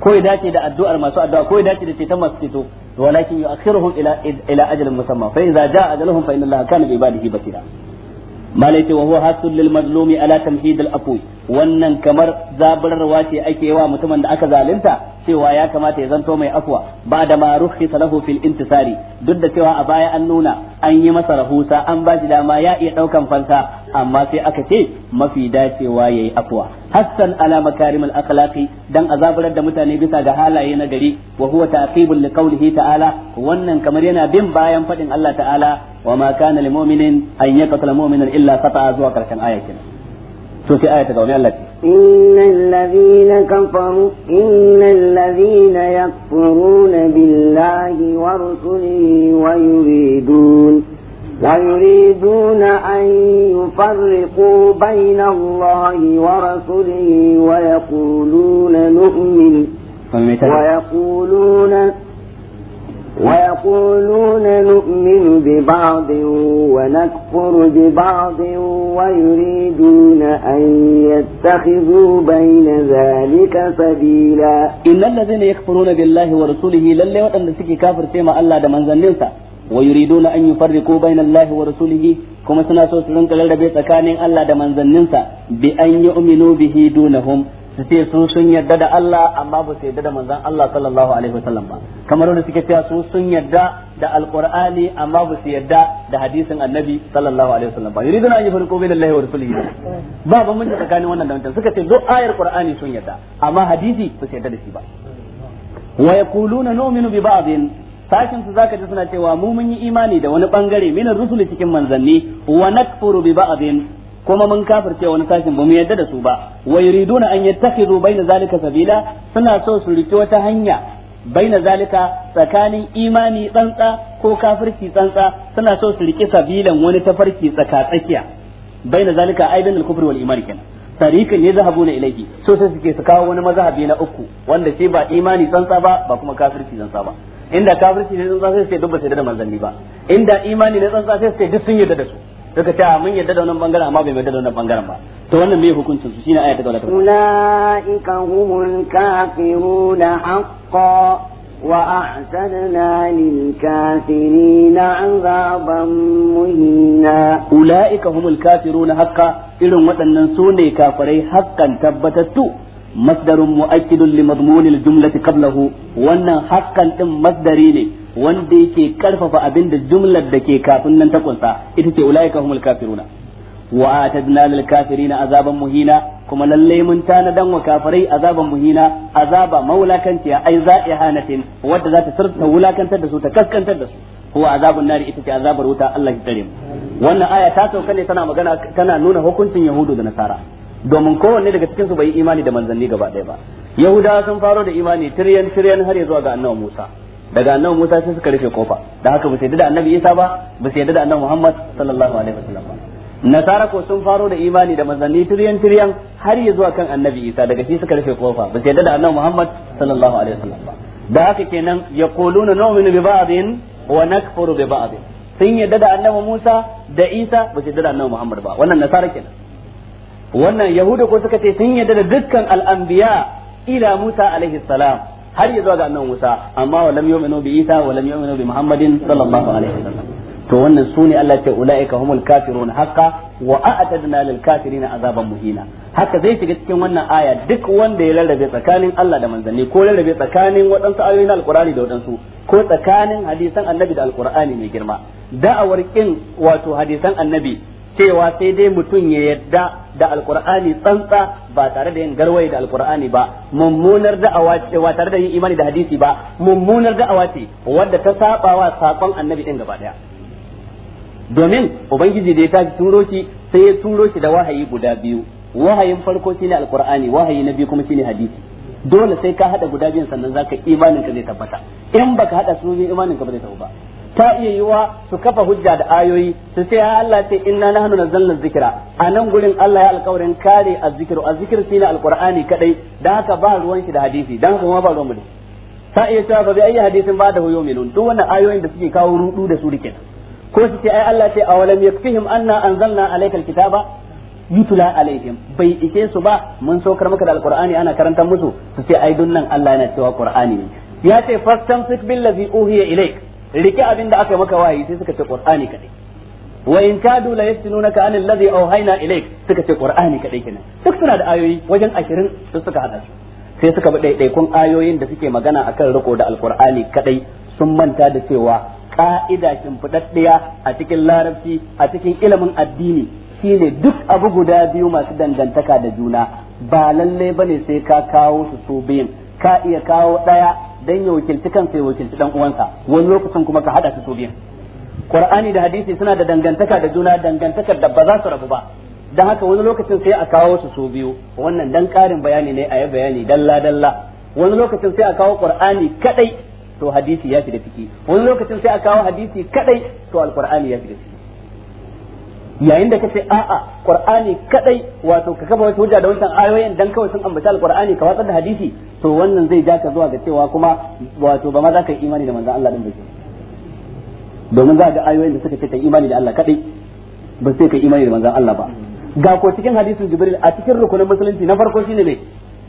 ko ya dace da addu'ar masu addu'a ko ya dace da ceton masu ceto walakin yu'akhiruhum ila ila ajalin musamma fa idza jaa ajaluhum fa bai allaha kana bi ibadihi basira malai ce wa huwa hasul lil mazlumi ala tamhid al aqwi wannan kamar zabararwa ce ake yi wa mutumin da aka zalunta cewa ya kamata ya zanto mai afwa ba da ma rukhisa lahu fil intisari duk da cewa a baya an nuna an yi masa rahusa an ba shi dama ya iya daukan fansa amma sai aka ce mafi dacewa yayi afwa hassan ala makarimul akhlaqi dan azaburar da mutane bisa ga halaye na gari wa huwa taqibul liqaulihi ta'ala wannan kamar yana bin bayan fadin Allah ta'ala wa ma kana lil mu'minin an yaqtala mu'minan illa khata'a zuwa karshen ayatin سوسي آية تقولني الله إن الذين كفروا إن الذين يكفرون بالله ورسله ويريدون ويريدون أن يفرقوا بين الله ورسله ويقولون نؤمن ويقولون نؤمن ويقولون نؤمن ببعض ونكفر ببعض ويريدون أن يتخذوا بين ذلك سبيلا إن الذين يكفرون بالله ورسوله لن وأن سكي كافر سيما الله دمان زننسا ويريدون أن يفرقوا بين الله ورسوله كما سنة سوسلون كالربي كان ألا دمان زننسا بأن يؤمنوا به دونهم su ce su sun yarda da Allah amma ba su yarda da manzon Allah sallallahu alaihi wasallam ba kamar wanda suke cewa su sun yarda da alqur'ani amma ba su yarda da hadisin annabi sallallahu alaihi wasallam ba yuridu an yafriqu bayna Allahi wa rasulihi ba ba mun tsakanin wannan da wancan suka ce duk ayar qur'ani sun yarda amma hadisi ba su yarda da shi ba wa yaquluna nu'minu bi ba'din sashin su zaka ji suna cewa mu mun yi imani da wani bangare minan rusuli cikin manzanni wa nakfuru bi ba'din kuma mun kafirce wani sashin ba mu yadda da su ba wa yuriduna an yattakhidhu baina zalika sabila suna so su rike wata hanya baina zalika tsakanin imani tsantsa ko kafirci tsantsa suna so su rike sabilan wani tafarki tsaka tsakiya baina zalika aidan al-kufr wal iman kan tariqan yadhhabuna ilayhi so sai suke su kawo wani mazhabi na uku wanda shi ba imani tsantsa ba ba kuma kafirci tsantsa ba inda kafirci ne tsantsa sai su dubba sai su da manzanni ba inda imani ne tsantsa sai su ce duk sun yarda da su suka ta ah, mun yadda da wannan bangaren amma bai yadda da wannan bangaren ba to wannan mai hukuncin su shine aya ta gaba ta ulaika humul kafirun haqqo wa a'tadna lil kafirin 'adaban muhina ulaika humul kafirun haqqo irin waɗannan su kafarai hakan haƙƙan tabbatattu masdarun mu'akkidun li madmunil jumlati qablahu wannan hakan ɗin masdari ne wanda yake karfafa abin da jumlar da ke kafin nan ta kunsa ita ce ulaika humul kafiruna wa atadna lil kafirina azaban muhina kuma lallai mun tana dan wa kafirai azaban muhina azaba maulakanciya ai za'ihanatin wadda za ta sirta wulakantar da su ta kaskantar da su huwa azabun nari ita ce azabar wuta Allah ya wannan aya ta sauka ne tana magana tana nuna hukuncin yahudu da nasara domin kowanne daga cikin su bai imani da manzani gaba ɗaya ba yahudawa sun faro da imani tiryan tiryan har ya zuwa ga annabi Musa daga annabi Musa sai suka rufe kofa da haka ba su yadda da annabi Isa ba ba su yadda da annabi Muhammad sallallahu alaihi wasallam ba nasara ko sun faro da imani da manzanni tiryan tiryan har ya zuwa kan annabi Isa daga shi suka rufe kofa ba su yadda da annabi Muhammad sallallahu alaihi wasallam ba da haka kenan yaquluna nu'minu bi ba'din wa nakfuru bi ba'din sun yadda da annabi Musa da Isa ba su yadda da annabi Muhammad ba wannan nasara kenan wannan yahuda ko suka ce sun yadda da dukkan al-anbiya ila Musa alaihi salam har ya zuwa ga annabi Musa amma wa lam yu'minu bi Isa wa lam yu'minu bi Muhammadin sallallahu alaihi wasallam to wannan sune Allah ce ulaika humul kafirun haka wa a'tadna lil kafirina azaban muhina haka zai shiga cikin wannan aya duk wanda ya rarrabe tsakanin Allah da manzanni ko rarrabe tsakanin waɗansu ayoyin alqur'ani da waɗansu ko tsakanin hadisan annabi da alqur'ani mai girma da'awar kin wato hadisan annabi cewa sai dai mutum ya yadda da alkur'ani tsantsa ba tare da yin garwaye da alkur'ani ba mummunar da'awa ce ba tare da yin imani da hadisi ba mummunar da'awa ce wadda ta saba wa sakon annabi din gaba daya domin ubangiji da ya tashi turo shi sai ya turo shi da wahayi guda biyu wahayin farko shine alkur'ani wahayi na biyu kuma shine hadisi dole sai ka hada guda biyun sannan zaka imanin ka zai tabbata in baka hada su ne imanin ka ba zai tabbata ta iya yiwa su kafa hujja da ayoyi su ce ya Allah ce inna nahnu nazzalna zikra a nan gurin Allah ya alƙawarin kare azzikru azzikru shine alqur'ani kadai dan haka ba ruwan shi da hadisi dan haka kuma ba ruwan mu ta iya cewa ba bi ayi hadisin ba da huyo minun duk wannan ayoyin da suke kawo rudu da su rike ko su ce ai Allah ce awalam yakfihim anna anzalna alaykal kitaba yutula alaihim bai ike su ba mun saukar maka da alqur'ani ana karantar musu su ce ai dunnan Allah yana cewa qur'ani ne ya ce fastamsik billazi uhiya ilayk rike abin da aka maka wahayi sai suka ce qur'ani kadai wa in kadu la yaftinunaka an alladhi awhayna ilayk suka ce qur'ani kadai kenan duk suna da ayoyi wajen 20 su suka hada su sai suka bi daidaikun ayoyin da suke magana akan riko da alqur'ani kadai sun manta da cewa ka'ida shimfiɗaɗɗiya a cikin larabci a cikin ilimin addini shine duk abu guda biyu masu dangantaka da juna ba lalle bane sai ka kawo su su biyun ka iya kawo ɗaya dan ya wakilci kansa ya wakilci dan uwansa wani lokacin kuma ka hada su so biyan qur'ani da hadisi suna da dangantaka da juna dangantaka da ba za su rabu ba dan haka wani lokacin sai a kawo su so biyu wannan dan karin bayani ne a yi bayani dalla dalla wani lokacin sai a kawo qur'ani kadai to hadisi ya fi da fiki wani lokacin sai a kawo hadisi kadai to alqur'ani ya fi da fiki yayin da ka ce a'a qur'ani kadai wato ka kafa wata hujja da wannan ayoyin dan kawai sun ambata alqur'ani ka watsar da hadisi to wannan zai ja ka zuwa ga cewa kuma wato ba ma za ka yi imani da manzan Allah din ba domin za ga ayoyin da suka ce kai imani da Allah kadai ba sai kai imani da manzan Allah ba ga ko cikin hadisin Jibril a cikin rukunin musulunci na farko shine ne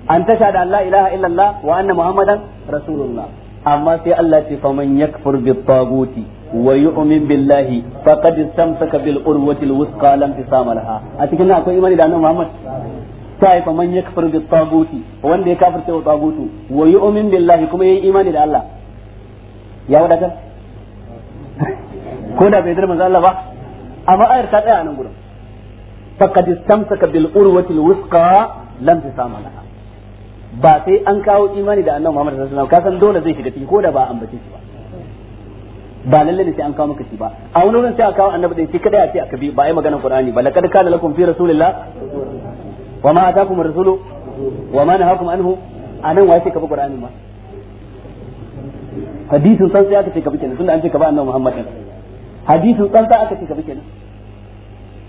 an tasha da Allah ilaha illallah wa anna muhammadan rasulullah amma sai Allah ce faman yakfur bit taguti wa yu'min billahi faqad istamsaka bil urwati al lam tisamalha a cikin nan akwai imani da annabi Muhammad ta fa man yakfur bi taguti wanda ya kafirce wa tagutu wa yu'min billahi kuma yayi imani da Allah ya wadatar ko da bai dar manzo Allah ba amma ayar ta tsaya nan gurin faqad istamsaka bil urwati al wusqa lam tisama laha ba sai an kawo imani da annabi Muhammad sallallahu alaihi wasallam kasan dole zai shiga cikin ko da ba ambace shi ba ba lalle ne sai an kawo maka shi ba a wani wurin sai a kawo annabi din shi kadai a ce aka bi ba ai maganar qur'ani ba laqad kana lakum fi rasulillah wa ma atakum ar-rasulu wa ma nahakum anhu anan wa yake ka bi ma hadisin san sai aka ce ka bi kenan tunda an ce ka ba annabi Muhammad din san sai aka ce ka bi kenan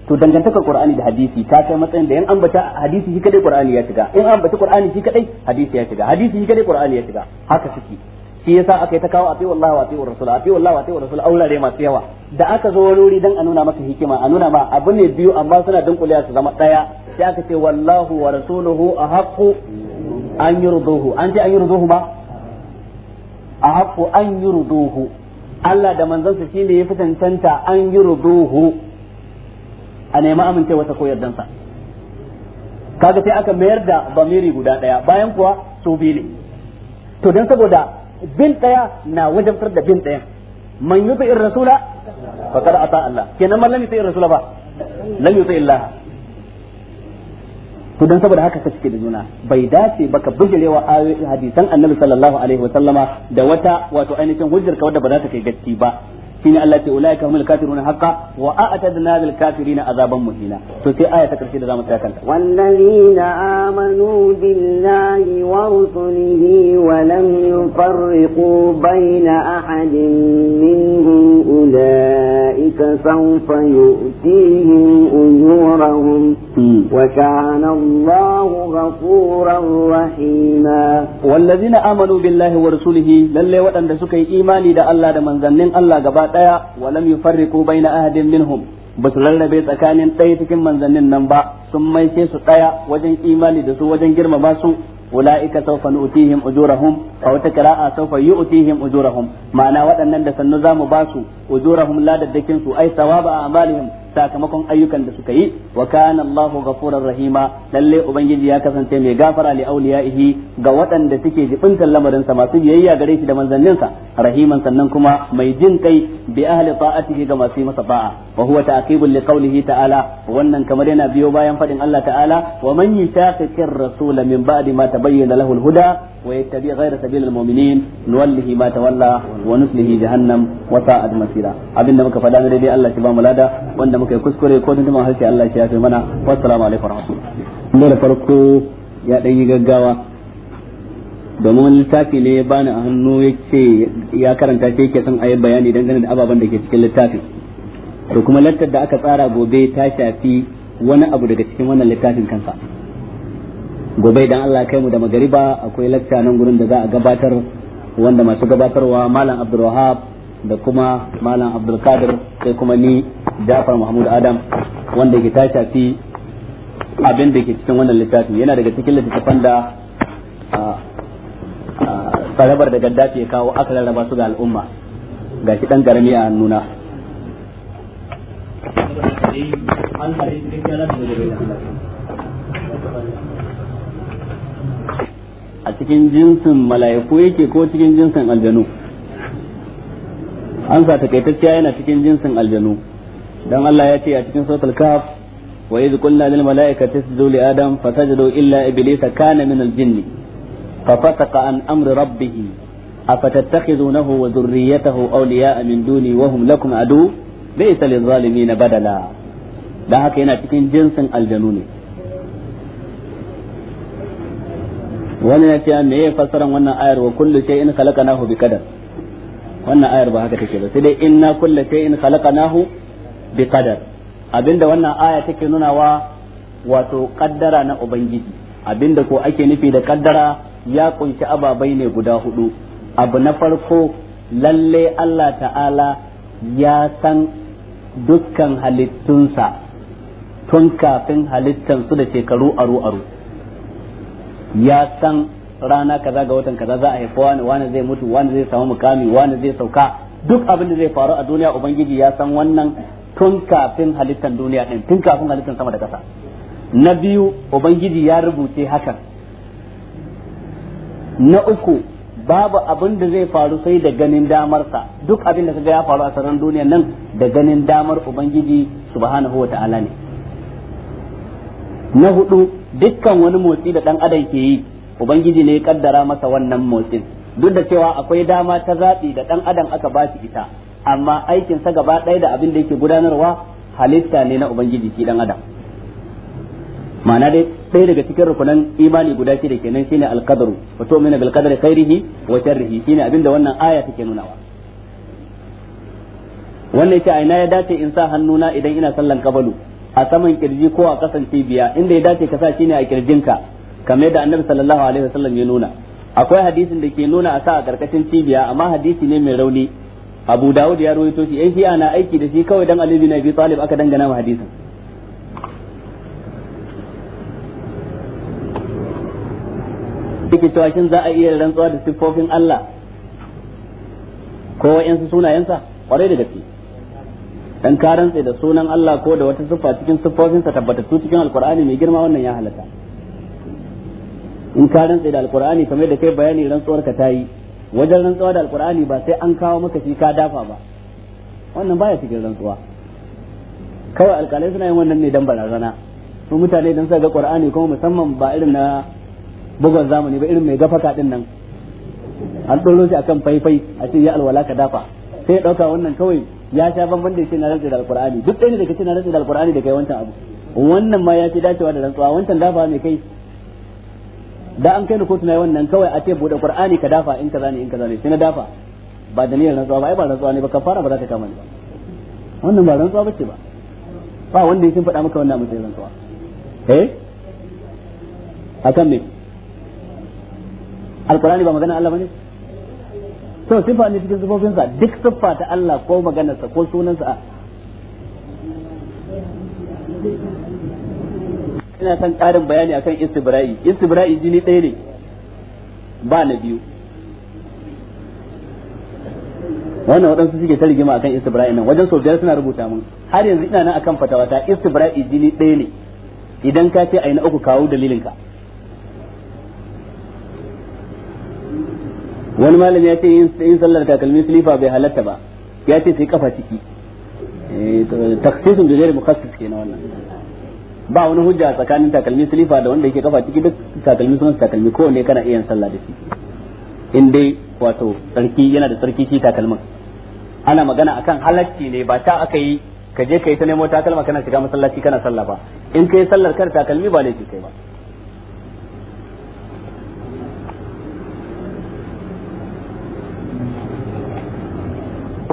to dangantakar qur'ani da hadisi ta kai matsayin da yan ambata hadisi shi kadai qur'ani ya shiga in ambata qur'ani shi kadai hadisi ya shiga hadisi shi kadai qur'ani ya shiga haka suke shi yasa aka yi ta kawo afi wallahi wa ati rasul afi wallahi wa ati rasul aurare masu yawa da aka zo wani wuri dan a nuna maka hikima a nuna ma abun ne biyu amma suna dunkulewa su zama daya sai aka ce wallahu wa rasuluhu a ahaqqu an rudohu an ce an rudohu ba ahaqqu an rudohu Allah da manzansa ne ya tantanta an rudohu a nemi amincewa ta koyar dansa kaga sai aka mayar da bamiri guda daya bayan kuwa su biyu ne to don saboda bin daya na wajen fitar da bin dayan man irin rasula faqad ata Allah kenan man lam irin rasula ba lam yuti Allah to dan saboda haka ka cike da juna bai dace ba ka bijirewa hadisan annabi sallallahu alaihi wasallama da wata wato ainihin hujjar ka wadda ba za ta kai gaski ba shine Allah ce ulaika humul kafiruna haqqan wa a'tadna lil kafirina azaban muhina to sai aya ta karshe da zamu tsaya kanta wallazina amanu billahi wa rusulihi wa lam yufarriqu baina ahadin minhum ulaika sawfa yu'tihim ujurahum wa kana Allahu ghafuran rahima wallazina amanu billahi wa rusulihi lalle waɗanda suka yi imani da Allah da manzannin Allah gaba daya wa lam yufarriqu baina ahadin minhum ba su rarrabe tsakanin ɗaya cikin manzannin nan ba sun maishe su ɗaya wajen imani da su wajen girmama su ulaika sawfa nu'tihim ujurahum aw takra'a sawfa yu'tihim ujurahum ma'ana waɗannan da sannu zamu ba su ujurahum ladaddakin su ai a a'malihim sakamakon ayyukan da suka yi wa kana Allahu rahima lalle ubangiji ya kasance mai gafara li auliyaihi ga waɗanda suke jibintar lamarin sa masu biyayya gare shi da manzannin sa rahiman sannan kuma mai jin kai bi ahli ta'atihi ga masu masa ba'a wa huwa ta'qibul li qawlihi ta'ala wannan kamar yana biyo bayan fadin Allah ta'ala wa man yushaqiqir rasul min ba'di ma tabayyana lahu al-huda ويتبع غير سبيل المؤمنين نوله ما تولى ونسله جهنم وساءت مصيرا ابن da muka faɗa na daidai Allah shi ba mu lada wanda muka yi kuskure ko tun ma harshe Allah shi ya fi mana wassalamu farko ya gaggawa domin wani littafi ne ya bani a hannu ya ce ya karanta shi yake son a yi bayani dangane da ababen da ke cikin littafi to kuma lattar da aka tsara gobe ta shafi wani abu daga cikin wannan littafin kansa gobe idan Allah kai mu da magariba akwai lakta nan gurin da za a gabatar wanda masu gabatarwa malam Abdulwahab da kuma malam Abdulkadir sai kuma ni Jafar Muhammad Adam wanda ke ta shafi abin da ke cikin wannan littafin yana daga cikin littattafan da farabar da gaddafi ya kawo aka rarraba su ga al'umma ga shi dan garami a nuna an a cikin jinsin mala'iku yake ko cikin jinsin aljanu an sa takaitacciya yana cikin jinsin aljanu dan Allah ya ce a cikin suratul kaf wa idh qulna lil mala'ikati isjudu li adam fasajadu illa iblisa kana min al jinni ففتق عن أمر ربه أفتتخذونه وذريته أولياء wa دوني وهم لكم عدو بئس na badala. da haka yana cikin jinsin aljanu ne wani ya ce me ya fassaran wannan ayar wa kullu shay'in khalaqnahu bi qadar wannan ayar ba haka take ba sai dai inna kullu shay'in khalaqnahu bi qadar abinda wannan aya take wa wato kaddara na ubangiji abinda ko ake nufi da kaddara ya kunshi ababai ne guda hudu abu na farko lalle Allah ta'ala ya san dukkan halittunsa tun kafin halittansu da shekaru aru-aru ya san rana kaza ga watan kaza za a haifa wani wani zai mutu wani zai samu mukami wani zai sauka duk abin da zai faru a duniya ubangiji ya san wannan tun kafin halittar duniya din tun kafin halittar sama da kasa na biyu ubangiji ya rubuce hakan na uku babu abin da zai faru sai da ganin damarsa duk abin da kaga ya faru a sararin duniya nan da ganin damar ubangiji subhanahu wa ta'ala ne na hudu dukkan wani motsi da dan adam ke yi ubangiji ne ya kaddara masa wannan motsin duk da cewa akwai dama ta zaɓi da dan adam aka ba shi ita amma aikin sa gaba ɗaya da abin da yake gudanarwa halitta ne na ubangiji shi dan adam ma'ana dai ɗaya daga cikin rukunan imani guda shi ke kenan shine alqadaru wa tu'minu bil qadari khairihi wa sharrihi shine abin da wannan aya take nunawa wannan ce aina ya dace in sa hannuna idan ina sallan kabalu a saman kirji ko a kasan cibiya inda ya dace ka sa shine a kirjinka kamar yadda annabi sallallahu alaihi wasallam ya nuna akwai hadisin da ke nuna a sa a karkashin cibiya amma hadisi ne mai rauni abu dawud ya rawaito shi yan shi'a na aiki da shi kawai dan ali bin abi talib aka dangana ma hadisin cewa shin za a iya rantsuwa da siffofin Allah ko wa'yansu sunayensa kwarai da gaske dan ka rantse da sunan Allah ko da wata siffa cikin siffofin tabbatattu cikin alqur'ani mai girma wannan ya halaka in ka rantse da alqur'ani kamar da kai bayani rantsuwar ka tayi wajen rantsuwa da alqur'ani ba sai an kawo maka shi ka dafa ba wannan baya cikin rantsuwa kawai alƙalai suna yin wannan ne dan barazana su mutane dan sa ga qur'ani kuma musamman ba irin na bugun zamani ba irin mai gafaka din nan an ɗoro shi akan faifai a ce ya alwala ka dafa sai ya ɗauka wannan kawai ya sha bamban da yake na rantsi da alqur'ani duk ɗaya ne da kace na rantsi da alqur'ani da kai wancan abu wannan ma ya ce dacewa da rantsuwa wancan dafa ne kai da an kai ni kotu na wannan kawai a ce bude qur'ani ka dafa in kaza ne in kaza ne sai na dafa ba niyyar rantsuwa ba ai ba rantsuwa ne ba kafara ba za ta kama ni ba wannan ba rantsuwa bace ba ba wanda ya sun faɗa maka wannan mutum rantsuwa eh akan me alqur'ani ba magana Allah bane to sifa ne cikin sifofinsa duk siffa ta Allah ko maganarsa ko sunansa ina son karin bayani akan istibra'i istibra'i jini ɗaya ne ba na biyu wannan waɗansu suke ta rigima akan istibra'i nan wajen sau biyar suna rubuta mun har yanzu ina nan akan fatawata istibra'i jini ɗaya ne idan ka ce a na uku kawo dalilinka wani malam ya ce yin sallar takalmin silifa bai halatta ba ya ce sai kafa ciki eh, taksisun da zai mukassis ke na wannan ba wani hujja tsakanin takalmin silifa da wanda yake kafa ciki duk takalmin sunan takalmi ko ne kana iya sallah da shi in dai wato tsarki yana da tsarki shi takalmin ana magana akan halacci ne ba ta aka yi ka je ka yi ta nemo takalma kana shiga masallaci kana sallah ba in ka yi sallar kar takalmi ba ke kai ba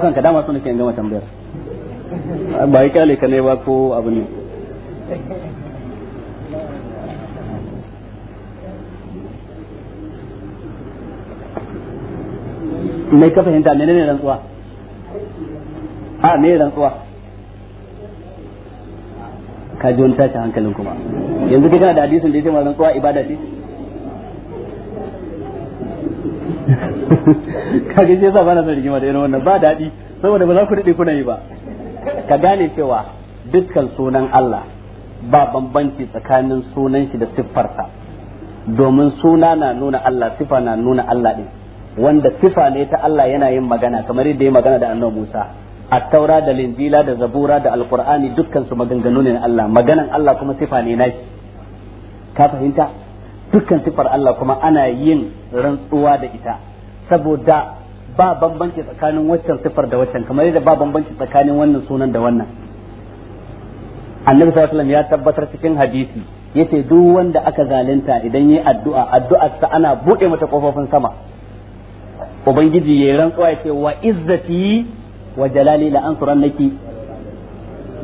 kan ka dama suna ke gama tambayar ba yi kyale ka ne ba ko abu ne mai ka fahimta ne rantsuwa a ne rantsuwa ka ji wani tashin hankalin kuma yanzu kai kana da hadisin da ya ce ma rantsuwa ibada ce kage shi yasa ba na rigima da irin wannan ba daɗi saboda ba za ku daɗe kuna yi ba ka gane cewa dukkan sunan Allah ba bambanci tsakanin sunan shi da siffarsa domin suna na nuna Allah sifa na nuna Allah ɗin wanda sifa ne ta Allah yana yin magana kamar yadda ya magana da annabi Musa taura da linjila da zabura da alqur'ani dukkan su maganganu ne na Allah maganan Allah kuma sifa ne nashi ka fahimta dukkan sifar Allah kuma ana yin rantsuwa da ita saboda ba bambanci tsakanin waccan sifar da waccan kamar yadda ba bambanci tsakanin wannan sunan da wannan annabi sallallahu ya tabbatar cikin hadisi yace duk wanda aka zalunta idan yi addu'a addu'ar sa ana bude mata kofofin sama ubangiji yayi rantsuwa yace wa izzati wa jalali la ansurannaki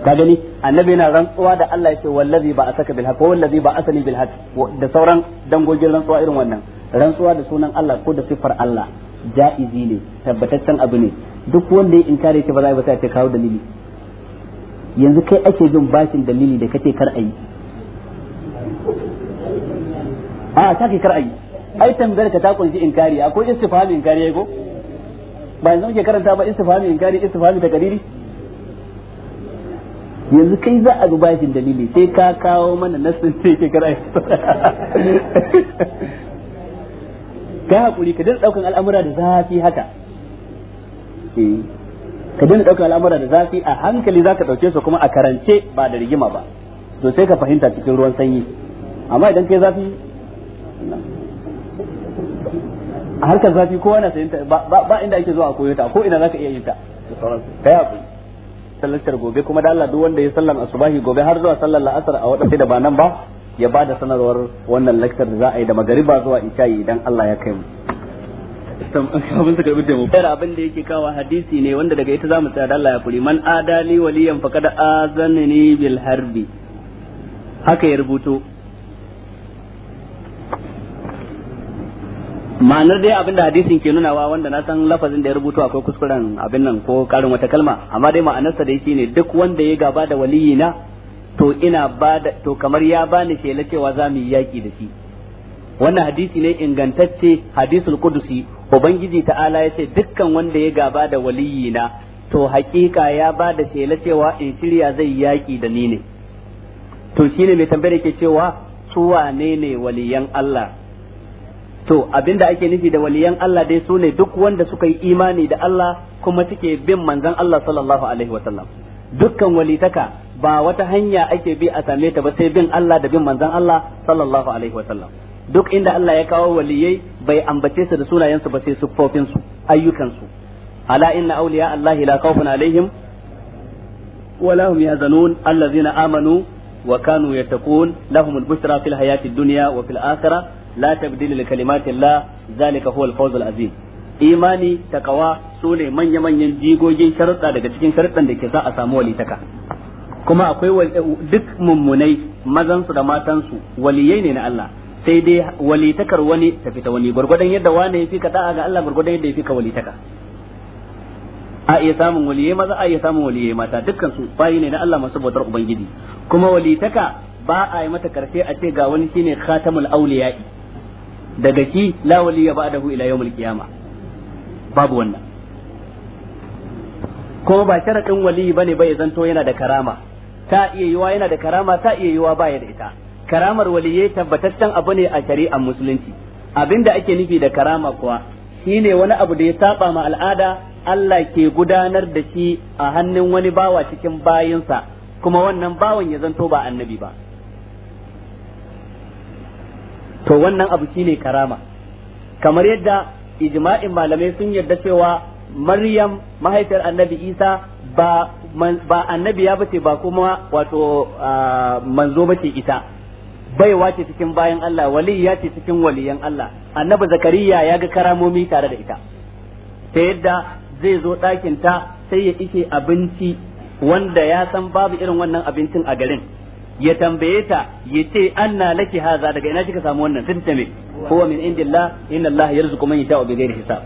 ka gani annabi yana rantsuwa da Allah yace wallazi ba asaka bil haqq wallazi ba asani bil haqq da sauran dangogin rantsuwa irin wannan rantsuwa da sunan Allah ko da siffar Allah ja'izi ne tabbataccen abu ne duk wanda ya inkare ce ba za a ba sai ce kawo dalili yanzu kai ake jin bashin dalili da kake kar ayi a ta ke kar ayi ai tambayar ka ta kunshi inkari akwai istifhami inkari yayi ko ba yanzu muke karanta ba istifhami inkari istifhami da kadiri yanzu kai za a bashin dalili sai ka kawo mana nasin sai ke kar ayi ka hakuri ka dinga daukan al'amura da zafi haka eh, ka dinga daukan al'amura da zafi a hankali zaka dauke su kuma a karance ba da rigima ba to sai ka fahimta cikin ruwan sanyi amma idan kai zafi a harkar zafi kowa na sayinta ba inda ake zuwa a koyo ta ko ina zaka iya yin ta da sauransu kai hakuri sallar gobe kuma da Allah duk wanda ya sallan asubahi gobe har zuwa sallar la'asar a wadanda da ba nan ba ya ba da sanarwar wannan lakcar da za a yi da magariba zuwa isha'i idan Allah ya kai mu abin suka mu abin da yake kawo hadisi ne wanda daga ita za mu tsaya Allah ya kuri man adali waliyan faqad azanani bil harbi haka ya rubuto ma'anar dai abin da hadisin ke nunawa wanda na san lafazin da ya rubuto akwai kuskuren abin nan ko karin wata kalma amma dai ma'anarsa dai shine duk wanda ya gaba da waliyina to ina bada to kamar ya bani shela cewa za mu yi yaki da shi wannan hadisi ne ingantacce hadisul qudusi ubangiji ta'ala ya ce dukkan wanda ya gaba da waliyina to hakika ya ba da shela cewa in shirya zai yaki da ni ne to shine mai tambayar ke cewa su wane ne waliyan Allah to abinda ake nufi da waliyan Allah dai sune duk wanda suka yi imani da Allah kuma suke bin manzon Allah sallallahu alaihi wasallam dukkan walitaka ba wata hanya ake bi a same ta ba sai bin Allah da bin manzon Allah sallallahu alaihi wasallam duk inda Allah ya kawo waliyai bai ambace su da sunayensu ba sai siffofin su ayyukan su ala inna awliya Allah la khawfun alaihim wala hum yahzanun allazina amanu wa kanu yattaqun lahumul bushra fil hayati dunya wa fil akhirah la tabdila li kalimati Allah zalika huwal fawzul azim imani takawa su ne manya-manyan jigogin sharuɗa daga cikin sharuɗan da ke za a samu walitaka kuma akwai duk mummunai mazansu da matansu waliyai ne na Allah sai dai walitakar wani ta fita wani gurgurdan yadda wani ya fi ka da'a ga Allah gurgurdan yadda ya fi ka walitaka a iya samun waliye maza a iya samun waliye mata dukkan su bayi ne na Allah masu bautar ubangiji kuma walitaka ba a yi mata karfe a ce ga wani shine khatamul awliya'i daga ki la waliya ba'dahu ila yawmil qiyama babu wannan kuma ba sharadin wali bane bai zanto yana da karama ta iya yiwa yana da karama ta iya yiwa baya da ita karamar waliyai tabbataccen abu ne a shari'ar musulunci abinda ake nufi da karama kuwa shine wani abu da ya saba ma al'ada Allah ke gudanar da shi a hannun wani bawa cikin bayinsa kuma wannan bawan ya zanto ba annabi ba to wannan abu shine karama kamar yadda ijma'in malamai sun yarda cewa Maryam mahaifiyar Annabi Isa ba ba annabiya bace ba kuma wato manzo bace ita bai wace cikin bayan Allah waliyya ce cikin waliyan Allah annabi zakariya ya ga karamomi tare da ita ta yadda zai zo ɗakin ta sai ya ike abinci wanda ya san babu irin wannan abincin a garin ya tambaye ta ya ce anna laki haza daga ina kika samu wannan sai ta me huwa min indillah inna Allah yarzuqu man yasha'u bighairi hisab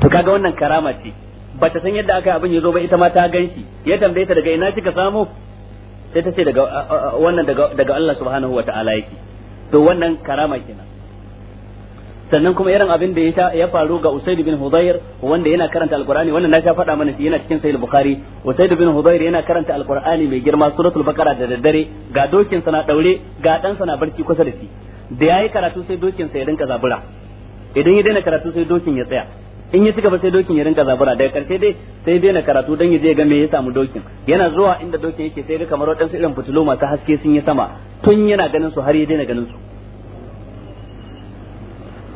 to kaga wannan karama ce bata san yadda aka yi abin ya zo ba ita ma ta ganshi ya tambaye ta daga ina kika samu sai ta ce daga wannan daga daga Allah subhanahu wataala yake to wannan karama kenan sannan kuma irin abin da ya faru ga Usaid bin Hudayr wanda yana karanta Alqur'ani wannan na sha faɗa mana shi yana cikin Sahih Bukhari Usaid bin Hudayr yana karanta Alqur'ani mai girma suratul Baqara da daddare ga dokin sa na daure ga dan sa na barci kusa da shi da yayi karatu sai dokin sa ya rinka zabura idan ya daina karatu sai dokin ya tsaya in ya cigaba sai dokin ya rinka zabura daga karshe dai sai dai na karatu don ya je ga me ya samu dokin yana zuwa inda dokin yake sai ga kamar waɗansu irin fitilu masu haske sun yi sama tun yana ganin su har ya daina ganin su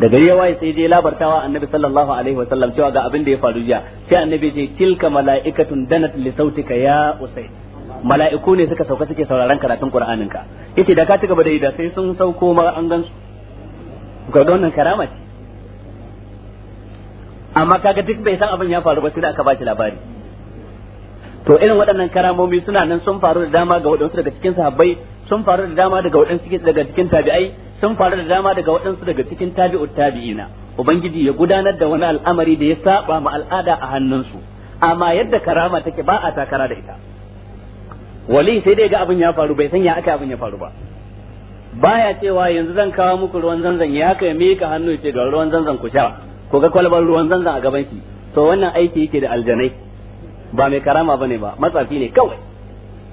da gari ya waye sai je labartawa annabi sallallahu alaihi wa sallam cewa ga abin da ya faru jiya sai annabi ce tilka malaikatun danat li sautika ya usay mala'iku ne suka sauka suke sauraron karatun qur'aninka yace da ka ci gaba da ida sai sun sauko ma an gan su ga wannan karama ce amma kaga duk bai san abin ya faru ba sai da aka ba shi labari to irin waɗannan karamomi suna nan sun faru da dama ga waɗansu daga cikin sahabbai sun faru da dama daga waɗansu daga cikin tabi'ai sun faru da dama daga waɗansu daga cikin tabi'ut tabi'ina ubangiji ya gudanar da wani al'amari da ya saba ma al'ada a hannunsu amma yadda karama take ba a takara da ita wali sai dai ga abin ya faru bai san ya aka abin ya faru ba baya cewa yanzu zan kawo muku ruwan zanzan ya haka ya mika hannu ya ce ga ruwan zanzan ku sha ko ga kwalbar ruwan zanza a gaban shi to wannan aiki yake da aljanai ba mai karama bane ba matsafi ne kawai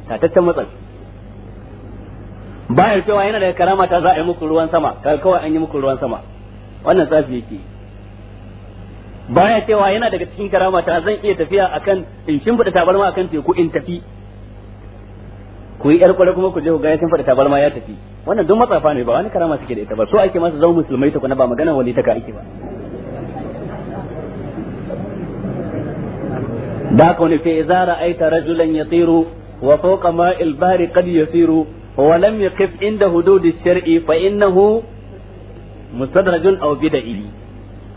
tataccen matsafi bayar cewa yana da karama ta za a yi muku ruwan sama kawai an yi muku ruwan sama wannan tsafi yake baya cewa yana daga cikin karama ta zan iya tafiya akan in shimfiɗa tabarma akan teku in tafi ku yi yar kwale kuma ku je ku ga ya shimfiɗa tabarma ya tafi wannan duk matsafa ne ba wani karama suke da ita ba so ake masu zama musulmai ta kuna ba magana wali ta ka ake ba da haka wani sai idza ra'aita rajulan tsiro wa ma ilbari kad ya yasiru wa lam yaqif inda hududi shar'i fa innahu mustadrajun aw bid'i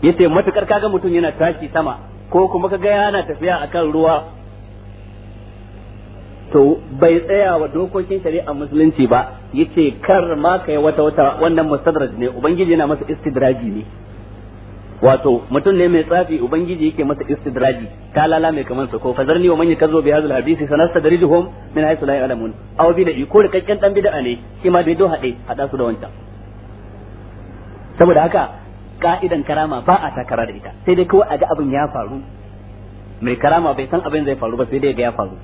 yace matukar kaga mutum yana tashi sama ko kuma kaga yana tafiya akan ruwa to bai tsaya wa dokokin shari'a musulunci ba yace kar ma kai wata wata wannan mustadraj ne ubangiji yana masa istidraji ne wato mutum ne mai tsafi ubangiji yake masa istidraji kalala mai kaman sa ko fazarni wa man yakazzu bi hadhal hadisi sanastadrijuhum min haythu la ya'lamun aw bi da ko rikakken dan bid'a ne shi ma bai do hade hada su da wancan saboda haka ka'idan karama ba a takara da ita sai dai kawai a ga abin ya faru mai karama bai san abin zai faru ba sai dai ga ya faru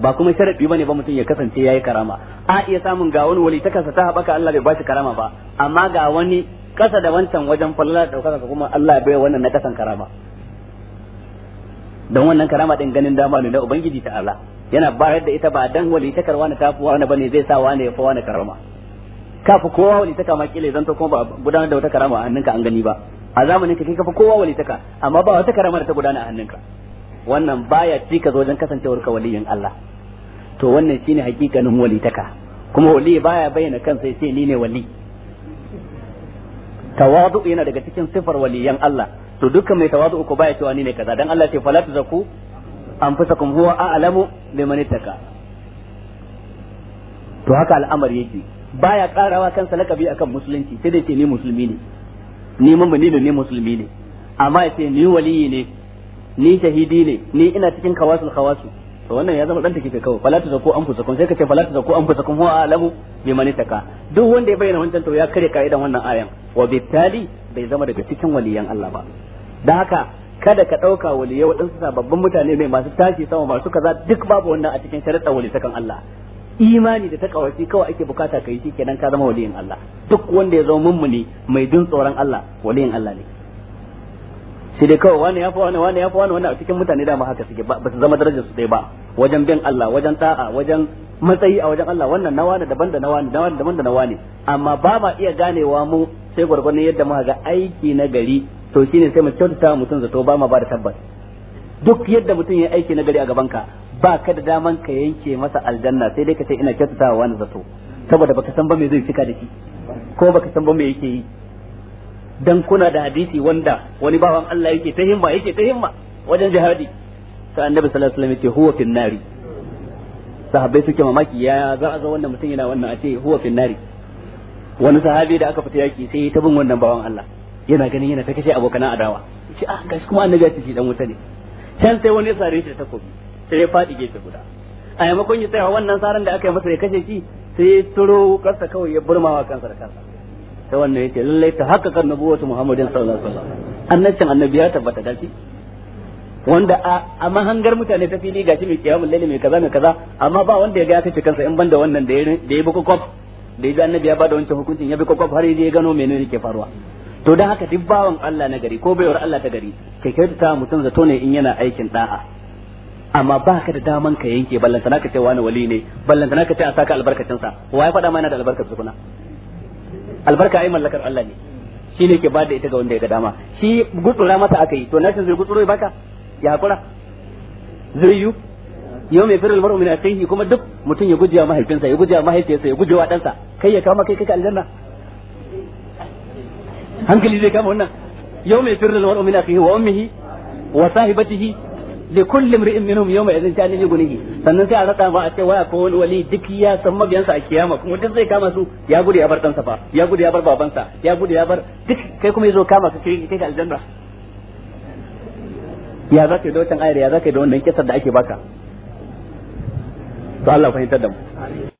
ba kuma sharadi bane ba mutum ya kasance yayi karama a iya samun ga wani wali ta kasa ta haɓaka Allah bai bashi karama ba amma ga wani kasa da wancan wajen falala da daukaka kuma Allah ya bai wannan na kasan karama don wannan karama din ganin dama ne da ubangiji ta Allah yana bayar da ita ba dan wali ta karwana na tafi wani bane zai sa wani ya fa wani karama kafi kowa wali ta kama kile zanto kuma ba gudanar da wata karama a hannunka an gani ba a zamanin ka kai kafi kowa wali ta ka amma ba wata karama da ta gudana a hannunka wannan baya ci ka zo wajen kasancewar ka waliyin Allah to wannan shine hakikanin walitaka kuma wali baya bayyana kansa sai ni ne wali tawadu yana daga cikin sifar waliyan Allah to dukkan mai tawadu ko baya cewa ni ne kaza dan Allah ce fala tuzaku anfusakum huwa a'lamu liman ittaka to haka al'amari yake baya karawa kansa lakabi akan musulunci sai dai ce ni musulmi ne ni mun mummuni ne ni musulmi ne amma yace ni waliyi ne ni shahidi ne ni ina cikin kawasul khawasu to wannan ya zama dan take kai kawai falata da an fusa kun sai ka ce falata da ko an fusa kun huwa alamu bi manitaka duk wanda ya bayyana wancan to ya kare kaidan wannan ayan wa bittali bai zama daga cikin waliyan Allah ba dan haka kada ka dauka waliyai waɗansu sababbin mutane mai masu tashi sama masu kaza duk babu wannan a cikin sharaɗa walisakan Allah imani da takawaci kawai ake bukata kai shi kenan ka zama waliyan Allah duk wanda ya zama mummuni mai dun tsoron Allah waliyan Allah ne sai dai kawai wani ya fi wani wani ya fi wani wani a cikin mutane dama haka suke ba su zama darajar su dai ba wajen bin Allah wajen ta'a wajen matsayi a wajen Allah wannan nawa ne daban da nawa ne nawa daban da nawa ne amma ba ma iya ganewa mu sai gwargwadon yadda mu ga aiki na gari to shine sai mu kyautata mutum zato ba ma ba da tabbas duk yadda mutum ya aiki na gari a gaban ka ba ka da daman ka yanke masa aljanna sai dai ka ce ina kyautata wa wani zato saboda baka san ba me zai fika da shi ko baka san ba me yake yi dan kuna da hadisi wanda wani bawan Allah yake ta himma yake ta himma wajen jihadi sai annabi sallallahu alaihi wasallam yake huwa fin nari sahabbai suke mamaki ya za a ga wannan mutum yana wannan a ce huwa fin nari wani sahabi da aka fita yaki sai ta bin wannan bawan Allah yana ganin yana ta kashe abokan adawa shi ah gashi kuma annabi ya ce shi dan wuta ne can sai wani sare shi da takobi sai ya fadi gefe guda a maimakon ya tsaya wannan saran da aka yi masa ya kashe shi sai ya turo kansa kawai ya burmawa kansa da kansa ta wannan yake lallai ta haka kan nubuwatu Muhammadin sallallahu alaihi wasallam annabcin annabiya ta tabbata gashi wanda a mahangar mutane ta fili gashi mai kiyamul lalle mai kaza mai kaza amma ba wanda ya ga kace kansa in banda wannan da ya da ya bi kokof da ya ji annabi ya bada wancan hukuncin ya bi kokof har ya gano menene yake faruwa to dan haka duk bawan Allah na gari ko baiwar Allah ta gari kai ta mutum zato ne in yana aikin da'a amma ba ka da daman ka yanke ballantana ka ce wani wali ne ballantana ka ce a saka albarkacin sa wa ya faɗa mana da albarkar tukuna albarka ai mallakar Allah ne shi ne ke bada ita ga wanda ya ga dama shi gutsura mata aka yi to nashin zai gutsuro baka ya hakura zai yu yau mai firar mar'u min akhihi kuma duk mutum ya guje wa mahaifinsa ya guje wa mahaifiyarsa ya guje wa ɗansa kai ya kama kai kai aljanna hankali zai kama wannan yau mai firar mar'u min akhihi wa ummihi wa sahibatihi da kullum ri'in minhum yawma idhin ta alladhi gunihi sannan sai a rada ba a ce waya ko wani wali duk ya san mabiyansa a kiyama kuma duk zai kama su ya gudu ya bar dan safa ya gudu ya bar babansa ya gudu ya bar duk kai kuma yazo kama ka kai kai aljanna ya za ka yi da wancan ayar ya za ka yi da wannan kisar da ake baka to Allah fahimtar da mu